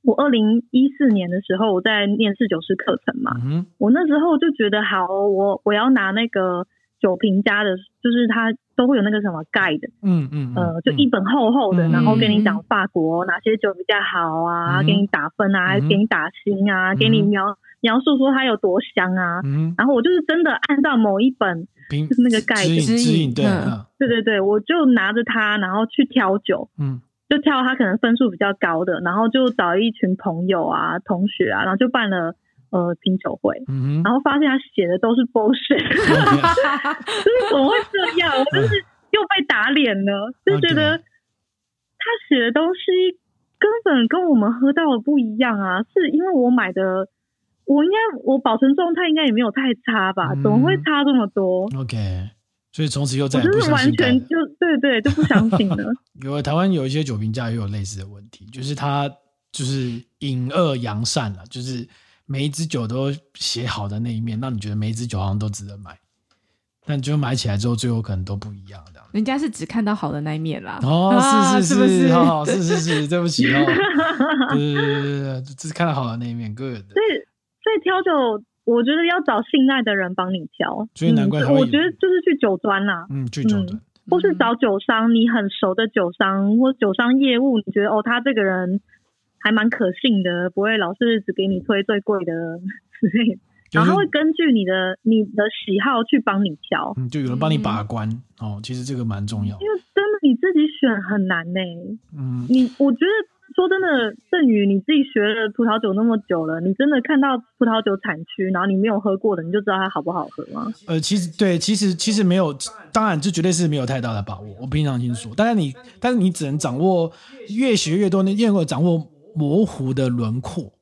我二零一四年的時候，我在念侍酒師課程嘛，嗯、我那時候就覺得好，我我要拿那個酒評家的，就是它都會有那個什麼 guide，嗯嗯，嗯嗯呃，就一本厚厚的，嗯、然後跟你講法國、嗯、哪些酒比較好啊，嗯、給你打分啊，嗯、給你打星啊，嗯、給你描。描述說它有多香啊，嗯、然後我就是真的按照某一本就是那個概念，對，啊、對對對，我就拿着它，然後去挑酒，嗯，就挑它可能分數比較高的，然後就找一群朋友啊、同學啊，然後就辦了呃品酒會，嗯哼，然後發現他寫的都是 bullshit，哈哈哈，這是怎麼會這樣？嗯、我就是又被打臉了，就覺得他寫的東西根本跟我們喝到的不一樣啊，是因為我買的。我應該，我保存狀態應該也沒有太差吧？怎麼會差這麼多、嗯、？OK，所以從此又再不，不是完全就對，對對，就不相信了。 有了台灣有一些酒評家，也有類似的問題，就是他就是隱惡揚善了，啊，就是每一支酒都寫好的那一面，讓你覺得每一支酒好像都值得買，但就買起來之後，最後可能都不一樣的。人家是只看到好的那一面啦。哦，是是是，好好是是是，對不起哦，對對對對只 看到好的那一面，good。所以挑酒，我覺得要找信賴的人幫你挑，所以難怪他。嗯、我覺得就是去酒莊啦、啊，嗯，去酒莊，嗯、或是找酒商，你很熟的酒商，或酒商業務，你覺得哦，他這個人還蠻可信的，不會老是只給你推最貴的，就是、然後會根據你的你的喜好去幫你挑，嗯，就有人幫你把關、嗯、哦。其實這個蠻重要，因為真的你自己選很難呢、欸。嗯，你我覺得。說真的，正宇，你自己學了葡萄酒那麼久了，你真的看到葡萄酒產區，然後你沒有喝過的，你就知道它好不好喝嗎？呃，其實對，其實其實沒有，當然這絕對是沒有太大的把握。我平常聽說，但是你，但是你只能掌握越學越多，你越會掌握模糊的輪廓。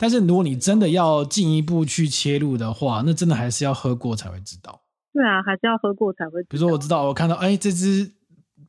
但是如果你真的要進一步去切入的話，那真的還是要喝過才會知道。對啊，還是要喝過才會知道。比如說，我知道我看到，哎，這支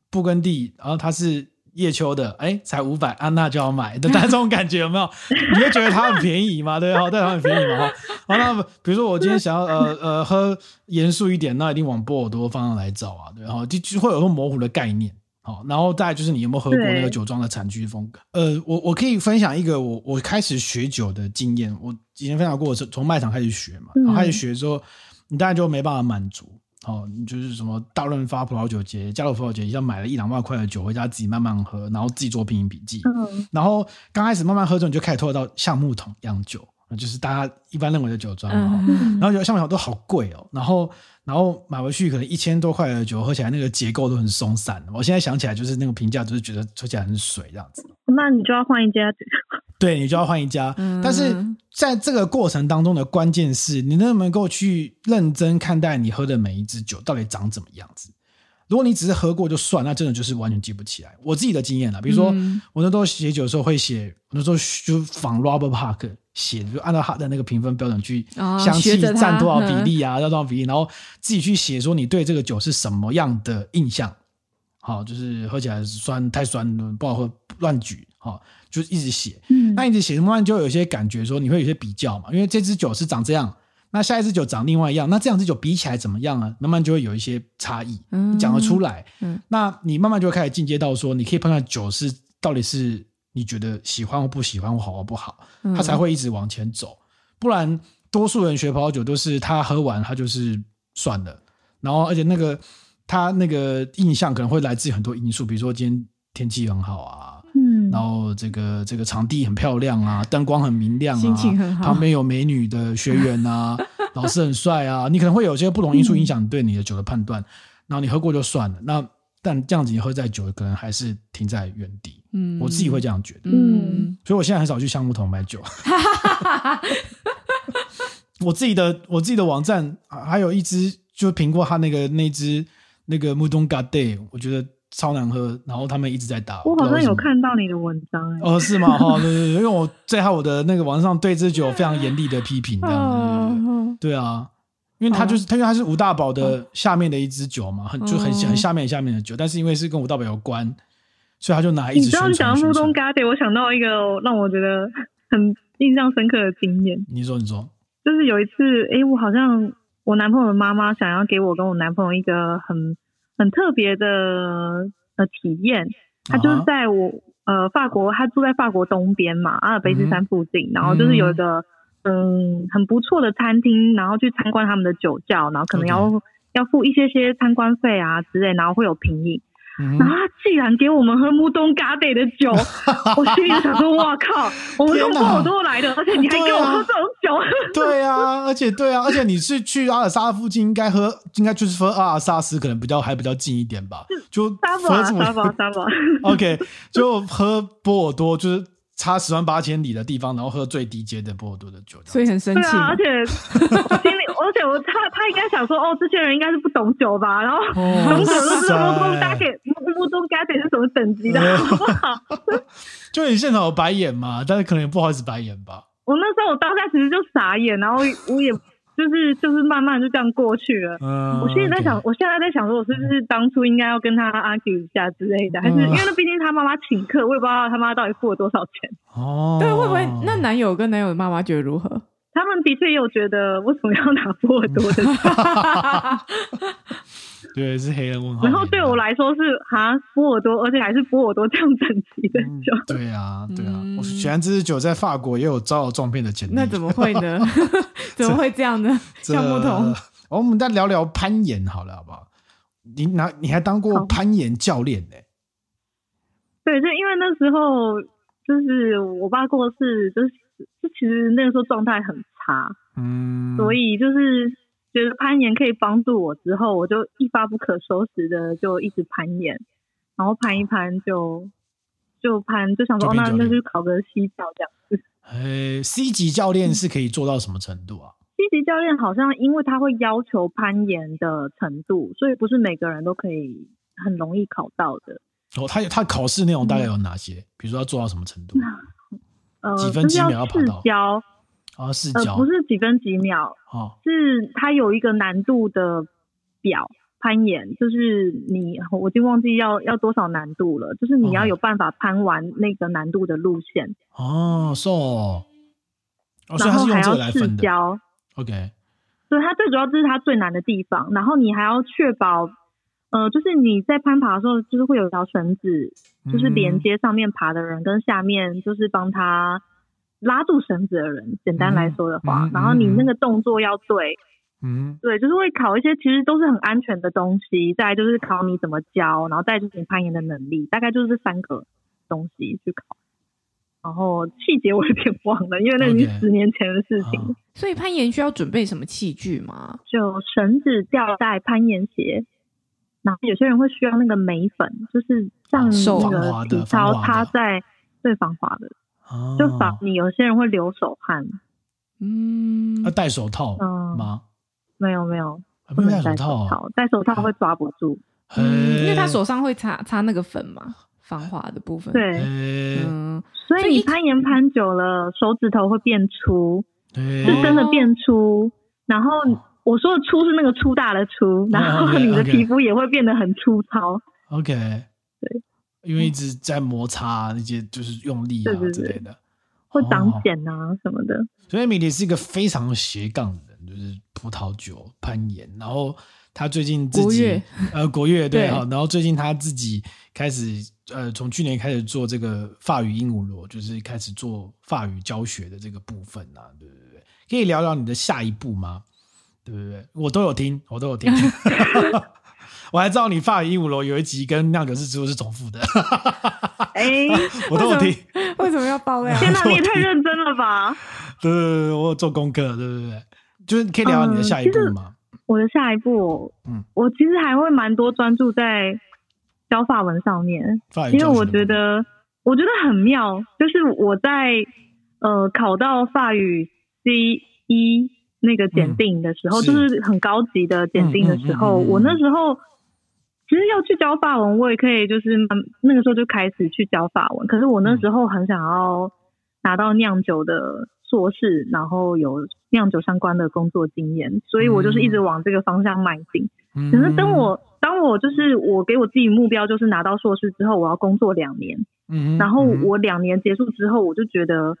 布根地，然後它是。葉秋的哎，才五百，啊，安娜就要買的等這種感覺有沒有？你會覺得它很便宜嘛？對吧？對，它很便宜嘛？好，那比如說我今天想要呃呃喝嚴肅一點，那一定往波爾多方向來走啊，對吧？就就會有模糊的概念，好，然後大概就是你有沒有喝過那個酒莊的產區風格？對呃，我我可以分享一個我我開始學酒的經驗，我以前分享過，我是從賣場開始學嘛，然後開始學之後，嗯、你大概就沒辦法滿足。哦，就是什麼大潤發葡萄酒節、家樂葡萄酒節，一下買了一兩萬塊的酒，回家自己慢慢喝，然後自己做品飲筆記。嗯，然後剛開始慢慢喝之後，你就開始拓到橡木桶一樣酒。就是大家一般認為的酒莊、嗯、然後就上面好多好貴哦，然後然後買回去可能一千多塊的酒喝起來那個結構都很鬆散，我現在想起來就是那個評價，就是覺得喝起來很水這樣子。那你就要換一家，對，你就要換一家。嗯、但是在這個過程當中的關鍵是你能不能夠去認真看待你喝的每一支酒到底長怎麼樣子。如果你只是喝過就算，那真的就是完全記不起來。我自己的經驗了比如說、嗯、我那時候寫酒的時候會寫，那時候就仿 Robert Parker。寫就按照他的那個評分標準去詳細、哦，香氣占多少比例啊？占、嗯、多少比例？然後自己去寫，說你對這個酒是什麼樣的印象？好、哦，就是喝起來酸太酸，不好喝，亂舉。好、哦，就是一直寫。嗯、那一直寫，慢慢就會有些感覺，說你會有些比較嘛？因為這支酒是長這樣，那下一支酒長另外一樣，那這兩支酒比起來怎麼樣啊？慢慢就會有一些差異，嗯、講得出來。嗯，那你慢慢就會開始進階到說，你可以判斷酒是到底是。你覺得喜歡或不喜歡或好或不好，嗯、他才會一直往前走。不然，多數人學葡萄酒都是他喝完他就是算了。然後，而且那個他那個印象可能會來自於很多因素，比如說今天天氣很好啊，嗯、然後這個這個場地很漂亮啊，燈光很明亮啊，心情很好，旁邊有美女的學員啊， 老師很帥啊，你可能會有些不同因素影響對你的酒的判斷。嗯、然後你喝過就算了，那但這樣子你喝再久可能還是停在原地。嗯，我自己會這樣覺得。嗯，所以我現在很少去橡木桶買酒。我自己的我自己的網站還有一支，就是評過他那個那支那個木東嘎代，我覺得超難喝。然後他們一直在打，我好像有看到你的文章哦，是嗎？哈，對對對，因為我在哈我的那個網上對這酒非常嚴厲的批評，這樣子對啊，因為他就是他因為他是五大堡的下面的一支酒嘛，就很很下面下面的酒，但是因為是跟五大堡有關。所以他就拿一。你知道你講的蘇東嘎地，我想到一個讓我覺得很印象深刻的經驗。你說，你說，就是有一次，誒、欸，我好像我男朋友的媽媽想要給我跟我男朋友一個很很特別的呃體驗，他就是在我、啊、呃法國，他住在法國東邊嘛，阿爾卑斯山附近，嗯、然後就是有一個嗯，嗯很不錯的餐廳，然後去參觀他們的酒窖，然後可能要 Okay. 要付一些些參觀費啊之類，然後會有品飲。嗯、然後他既然給我們喝木東嘎貝的酒，我心裡想說：“哇靠，我們從波爾多來的，而且你還給我喝這種酒。哪” 對呀、啊，而且對啊，而且你是去阿爾薩附近，應該喝，應該就是說阿爾薩斯可能比較還比較近一點吧，就撒堡，撒謊撒謊 OK，就喝波爾多，就是。差十萬八千里的地方，然後喝最低階的波爾多的酒，所以很生氣。對啊，而且 心裡，而且我他他應該想說，哦，這些人應該是不懂酒吧，然後懂酒都知道木東加貝，木東加貝是什麼等級的， 好不好？ 就你現場有白眼嗎？但是可能也不好意思白眼吧。我那時候我當下其實就傻眼，然後我也。 就是就是慢慢就這樣過去了。嗯、我現在在想，Okay. 我現在在想，說我是不是當初應該要跟他 argue 一下之類的？嗯、還是因為那畢竟他媽媽請客，我也不知道他媽到底付了多少錢。哦，對，會不會那男友跟男友的媽媽覺得如何？他們的確也有覺得，為什麼要拿付麼多？ 對，是黑人問號。然後對我來說是哈波爾多，而且還是波爾多這樣等級的酒，嗯。對啊，對啊，嗯、我喜歡這支酒，在法國也有招搖撞騙的潛力。那怎麼會呢？ 怎麼會這樣呢？想不通。我們再聊聊攀岩好了，好不好？你拿你還當過攀岩教練呢，欸？對，就因為那時候就是我爸過世，就是其實那個時候狀態很差，嗯，所以就是。覺得攀岩可以幫助我之後，我就一發不可收拾的就一直攀岩，然後攀一攀就就攀就想說，那、哦、那就考個 C 照這樣子。哎，C 級教練是可以做到什麼程度啊、嗯、？C 級教練好像因為他會要求攀岩的程度，所以不是每個人都可以很容易考到的。哦，他他考試內容大概有哪些？嗯、比如說要做到什麼程度？呃、幾分幾秒要跑到？呃哦、呃不是幾分幾秒，哦、是它有一個難度的表，攀岩就是你我已經忘記要要多少難度了，就是你要有辦法攀完那個難度的路線。哦，是哦，然後還要試教 OK 對，OK 所以它最主要就是它最難的地方，然後你還要確保，呃，就是你在攀爬的時候，就是會有一條繩子，就是連接上面爬的人跟下面，就是幫他。拉住繩子的人，簡單來說的話，嗯嗯嗯、然後你那個動作要對，嗯，對，就是會考一些其實都是很安全的東西，嗯、再就是考你怎麼教，然後再就是你攀岩的能力，大概就是三個東西去考。然後細節我有點忘了，因為那已經十年前的事情 okay,、啊。所以攀岩需要準備什麼器具嗎？就繩子、吊帶、攀岩鞋，然後有些人會需要那個鎂粉，就是像那個體操、啊、防滑防滑，擦在最防滑的。就防你，有些人會流手汗。嗯，要戴手套嗎？嗯、沒有沒有，不能戴手套，戴手套會抓不住，欸、嗯，因為他手上會擦擦那個粉嘛，防滑的部分，對、欸，嗯，所以你攀岩攀久了，欸、手指頭會變粗，是、欸、真的變粗，然後我說的粗是那個粗大的粗，哦、然後你的皮膚也會變得很粗糙，OK, okay. 因為一直在摩擦、啊嗯、那些，就是用力啊對對對之類的，會長繭啊什麼的。哦哦、所以 Emily 是一個非常斜槓的人，就是葡萄酒、攀岩，然後他最近自己國月呃國樂對、啊、對，然後最近他自己開始呃從去年開始做這個法語鸚鵡螺，就是開始做法語教學的這個部分啊，對對對，可以聊聊你的下一步嗎？對不對？我都有聽，我都有聽。 我還知道你法語一五樓有一集跟《那個是日志、欸》是重複的，哎，我都有我聽，為什麼要包呀？天哪，你也太認真了吧！ 對，對對對，我有做功課，對對對，就是可以聊你的下一步嗎？嗯、我的下一步，嗯，我其實還會蠻多專注在教法文上面，語因為我覺得我覺得很妙，就是我在呃考到法語 C 一那個檢定的時候，嗯、是就是很高級的檢定的時候，嗯嗯嗯嗯嗯、我那時候。其實要去教法文，我也可以，就是那個時候就開始去教法文。可是我那時候很想要拿到釀酒的碩士，然後有釀酒相關的工作經驗，所以我就是一直往這個方向邁進。嗯、可是當我當我就是我給我自己目標，就是拿到碩士之後，我要工作兩年。嗯。然後我兩年結束之後，我就覺得，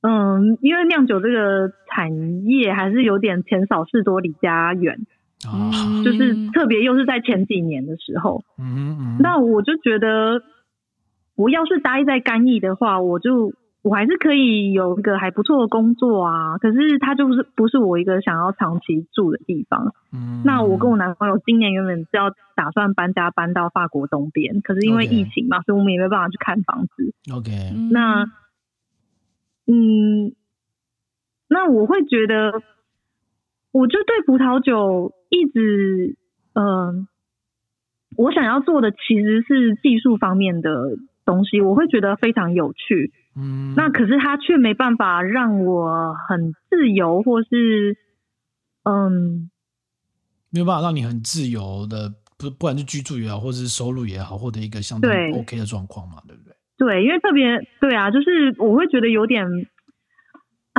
嗯，因為釀酒這個產業還是有點錢少事多，離家遠。啊，嗯、就是特別又是在前幾年的時候，嗯,嗯,嗯那我就覺得我要是待在干邑的話，我就我還是可以有一個還不錯的工作啊。可是它就是不是我一個想要長期住的地方。嗯，那我跟我男朋友今年原本就要打算搬家搬到法國東邊，可是因為疫情嘛，Okay. 所以我們也沒辦法去看房子。OK，那嗯，那我會覺得。我就對葡萄酒一直，嗯、呃，我想要做的其實是技術方面的東西，我會覺得非常有趣。嗯，那可是它卻沒辦法讓我很自由，或是嗯，沒有辦法讓你很自由的，不不管是居住也好，或者是收入也好，獲得一個相對 OK 的狀況嘛，對，對不對？對，因為特別。對啊，就是我會覺得有點。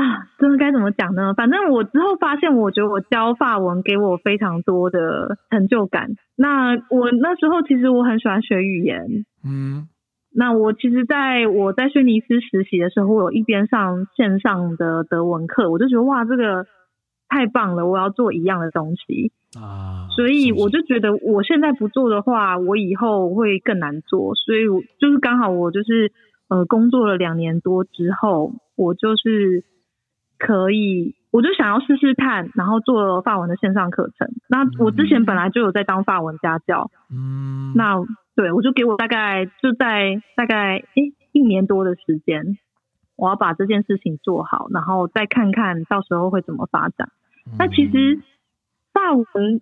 啊，真的該怎麼講呢？反正我之後發現，我覺得我教法文給我非常多的成就感。那我那時候其實我很喜歡學語言，嗯，那我其實在我在軒尼詩實習的時候，我有一邊上線上的德文課，我就覺得哇，這個太棒了！我要做一樣的東西啊，所以我就覺得我現在不做的話，我以後會更難做。所以，我就是剛好我就是呃，工作了兩年多之後，我就是。可以，我就想要試試看，然後做了法文的線上課程。那我之前本來就有在當法文家教，嗯，那對，我就給我大概就在大概誒一年多的時間，我要把這件事情做好，然後再看看到時候會怎麼發展。嗯、那其實法文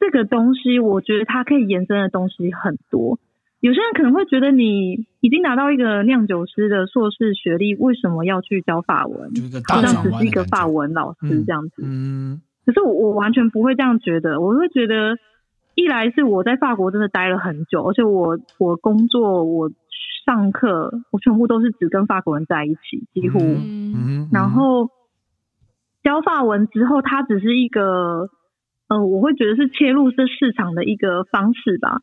這個東西，我覺得它可以延伸的東西很多。有些人可能會覺得你已經拿到一個釀酒師的碩士學歷，為什麼要去教法文？好像只是一個法文老師這樣子。嗯嗯、可是我我完全不會這樣覺得，我會覺得一來是我在法國真的待了很久，而且我我工作、我上課、我全部都是只跟法國人在一起，幾乎。嗯嗯嗯、然後教法文之後，它只是一個，嗯、呃，我會覺得是切入這市場的一個方式吧。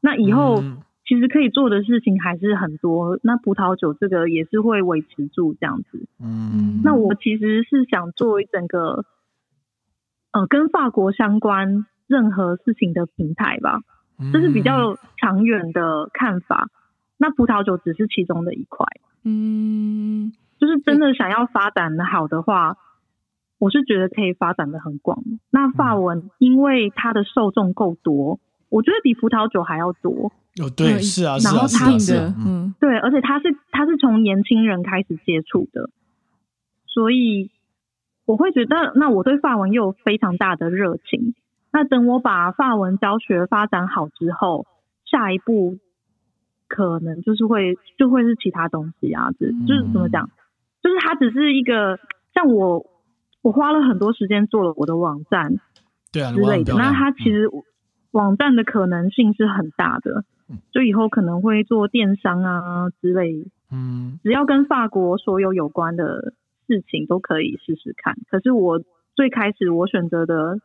那以後。嗯其實可以做的事情還是很多，那葡萄酒這個也是會維持住這樣子。嗯，那我其實是想做一整個，呃，跟法國相關任何事情的平台吧，這是比較長遠的看法。嗯，那葡萄酒只是其中的一塊，嗯，就是真的想要發展得好的話，我是覺得可以發展得很廣。那法文因為它的受眾夠多。我覺得比葡萄酒還要多。哦，對，是啊，是啊，然後他的，嗯，對，而且他是他是從年輕人開始接觸的，所以我會覺得，那我對法文又有非常大的熱情。那等我把法文教學發展好之後，下一步可能就是會就會是其他東西啊，就是、嗯、怎麼講，就是它只是一個像我我花了很多時間做了我的網站，對啊之類的。啊、那他其實。嗯網站的可能性是很大的，嗯、就以後可能會做電商啊之類。嗯，只要跟法國所有有關的事情都可以試試看。可是我最開始我選擇的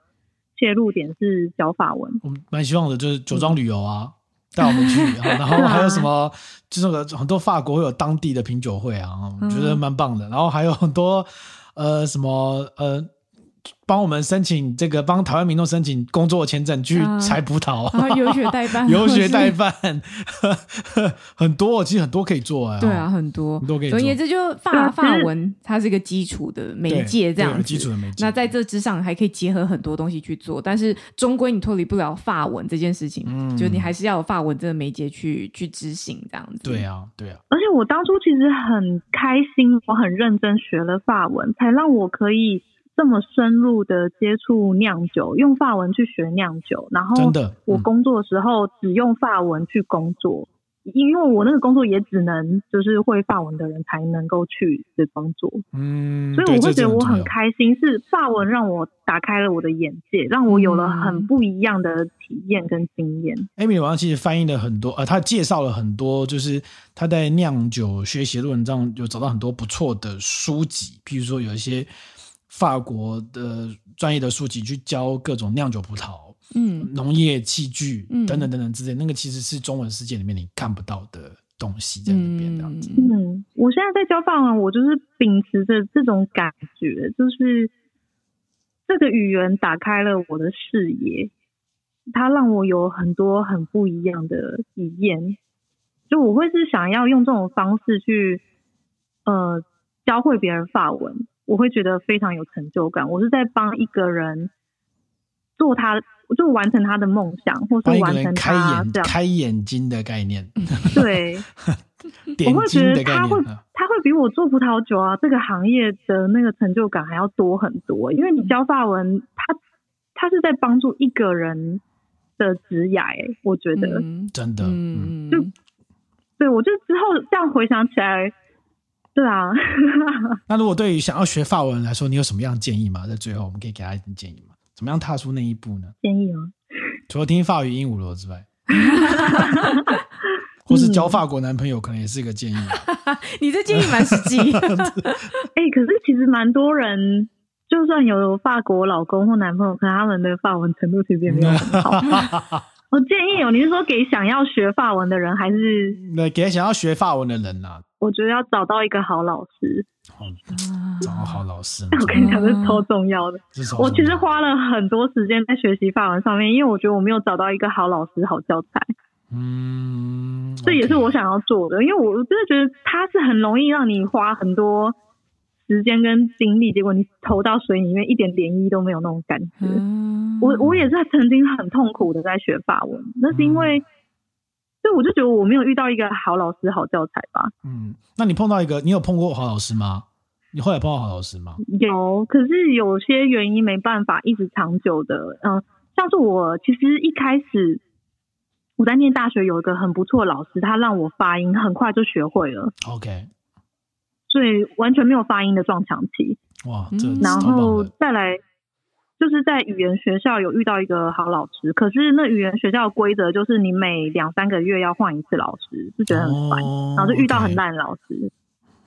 切入點是教法文，我蠻希望的就是酒莊旅遊啊，帶、嗯、我們去， 然後還有什麼、 啊、就是很多法國會有當地的品酒會啊，我、嗯、覺得蠻棒的。然後還有很多呃什麼呃。幫我們申請這個，幫台灣民眾申請工作簽證去採葡萄，啊 有學代辦，有學代辦，是 很多其實很多可以做啊，哎。對啊，很多很多可以做。總結，這就法法，是法文，它是一個基礎的媒介，這樣子。基礎的媒介。那在這之上，還可以結合很多東西去做，但是終歸你脫離不了法文這件事情。嗯。就你還是要有法文這個媒介去去執行這樣子。對啊，對啊。而且我當初其實很開心，我很認真學了法文，才讓我可以。這麼深入的接觸釀酒，用法文去學釀酒，然後我工作的時候只用法文去工作，嗯、因為我那個工作也只能就是會法文的人才能夠去去工作。嗯，所以我會覺得我很開心，是法文讓我打開了我的眼界，讓我有了很不一樣的體驗跟經驗。Emily 網上其實翻譯了很多，呃，他介紹了很多，就是他在釀酒學習的路上有找到很多不錯的書籍，比如說有一些。法國的專業的書籍去教各種釀酒葡萄、嗯，農業器具等等等等之類的，嗯、那個其實是中文世界裡面你看不到的東西在裡面。嗯，嗯，我現在在教法文，我就是秉持着這種感覺，就是這個語言打開了我的視野，它讓我有很多很不一樣的體驗。就我會是想要用這種方式去呃教會別人法文。我會覺得非常有成就感。我是在幫一個人做他，就完成他的夢想，或是完成他開眼這樣開眼睛的概念。對， 我會覺得他會 他會比我做葡萄酒啊， 萄啊這個行業的那個成就感還要多很多，欸，因為你教法文，他他是在幫助一個人的職涯，欸。我覺得真的，嗯，就嗯對我就之後這樣回想起來。是對啊， 那如果對於想要學法文來說，你有什麼樣的建議嗎？在最後，我們可以給他一點建議嗎？怎麼樣踏出那一步呢？建議哦？除了聽法語鸚鵡螺之外， 或是交法國男朋友，嗯、可能也是一個建議。 你這建議蠻實際的。哎、 欸，可是其實蠻多人，就算有法國老公或男朋友，可能他們的法文程度其實也沒有很好。 我建議哦，你是說給想要學法文的人，還是那給想要學法文的人啊？我覺得要找到一個好老師，找個好老師，嗯、我跟你講是超重要的。嗯、我其實花了很多時間在學習法文上面，嗯、因為我覺得我沒有找到一個好老師、好教材。嗯，這也是我想要做的，嗯、因為我我真的覺得它是很容易讓你花很多時間跟精力，結果你投到水裡面一點漣漪都沒有那種感覺。嗯、我我也是曾經很痛苦的在學法文，那、嗯、是因為。所以我就覺得我沒有遇到一個好老師、好教材吧。嗯，那你碰到一個，你有碰過好老師嗎？你後來碰到好老師嗎？有，可是有些原因沒辦法一直長久的。嗯、呃，像是我其實一開始我在念大學有一個很不錯的老師，他讓我發音，很快就學會了。OK，所以完全沒有發音的撞牆期。哇，這個、是然後再來。就是在語言學校有遇到一個好老師，可是那語言學校的規則就是你每兩三個月要換一次老師，就覺得很煩，oh, okay. 然後就遇到很爛的老師。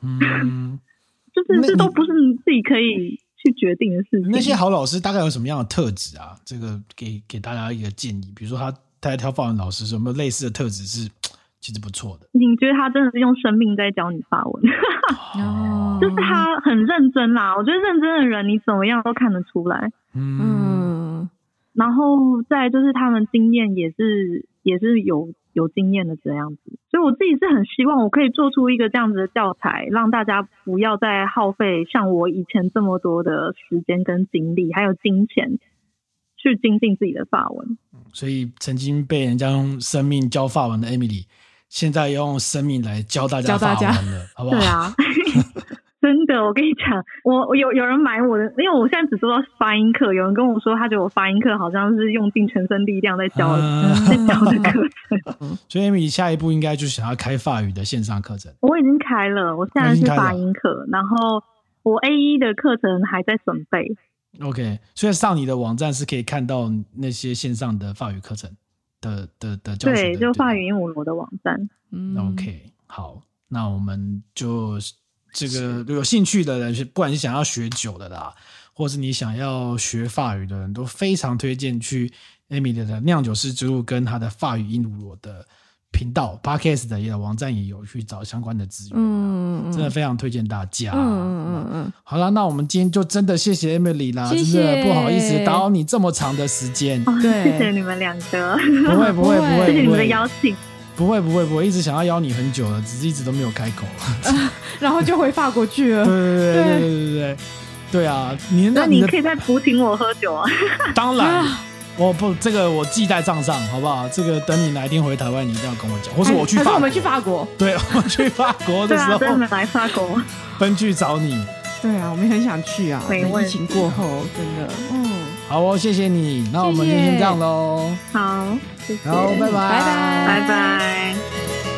嗯， 就是這都不是你自己可以去決定的事情。那,那些好老師大概有什麼樣的特質啊？這個給給大家一個建議，比如說他他在挑法文老師什麼類似的特質是其實不錯的。你覺得他真的是用生命在教你法文？ 就是他很認真啦，我覺得認真的人你怎麼樣都看得出來。嗯，嗯，然後再就是他們經驗也是也是有有經驗的這樣子，所以我自己是很希望我可以做出一個這樣子的教材，讓大家不要再耗費像我以前這麼多的時間跟精力，還有金錢去精進自己的法文。所以曾經被人家用生命教法文的 Emily，現在用生命來教大家法文，教大家的，好不好？對啊。 真的，我跟你講，我我有有人買我的，因為我現在只做到發音課，有人跟我說，他覺得我發音課好像是用盡全身力量在教、嗯、在教的課程。 所以你下一步應該就想要開法語的線上課程。我已經開了，我現在是發音課，然後我 A 一、e、的課程還在準備。OK，所以上你的網站是可以看到那些線上的法語課程的的的、的教材。對，就法語鸚鵡螺的網站。對嗯，OK，好，那我們就。這個有興趣的人，是不管是想要學酒的啦，或是你想要學法語的人，都非常推薦去 Emily 的釀酒師之路跟她的法語鸚鵡螺的頻道、Podcast 是的也有網站也有，去找相關的資源。嗯嗯嗯，真的非常推薦大家。嗯嗯嗯。好了，那我們今天就真的謝謝 Emily 啦，謝謝，真的不好意思打擾你這麼長的時間。哦、對謝謝你們兩個，不會不會不會，謝謝對你們的邀請。不會不會不會，一直想要邀你很久了，只是一直都沒有開口、呃。然後就回法國去了。 對對對對對對啊！你那你可以再補請我喝酒啊？ 當然，啊、我不這個我記在賬上，好不好？這個等你哪一天回台灣，你一定要跟我講，或是我去法國，我們去法國。對，我們去法國的時候， 對啊、我們來法國，奔去找你。對啊，我們也很想去啊。等、啊、疫情過後，真的，嗯、哦。好哦，謝謝你。謝謝 那我們就先這樣嘍。謝謝好謝，謝好，拜拜，拜拜，拜拜。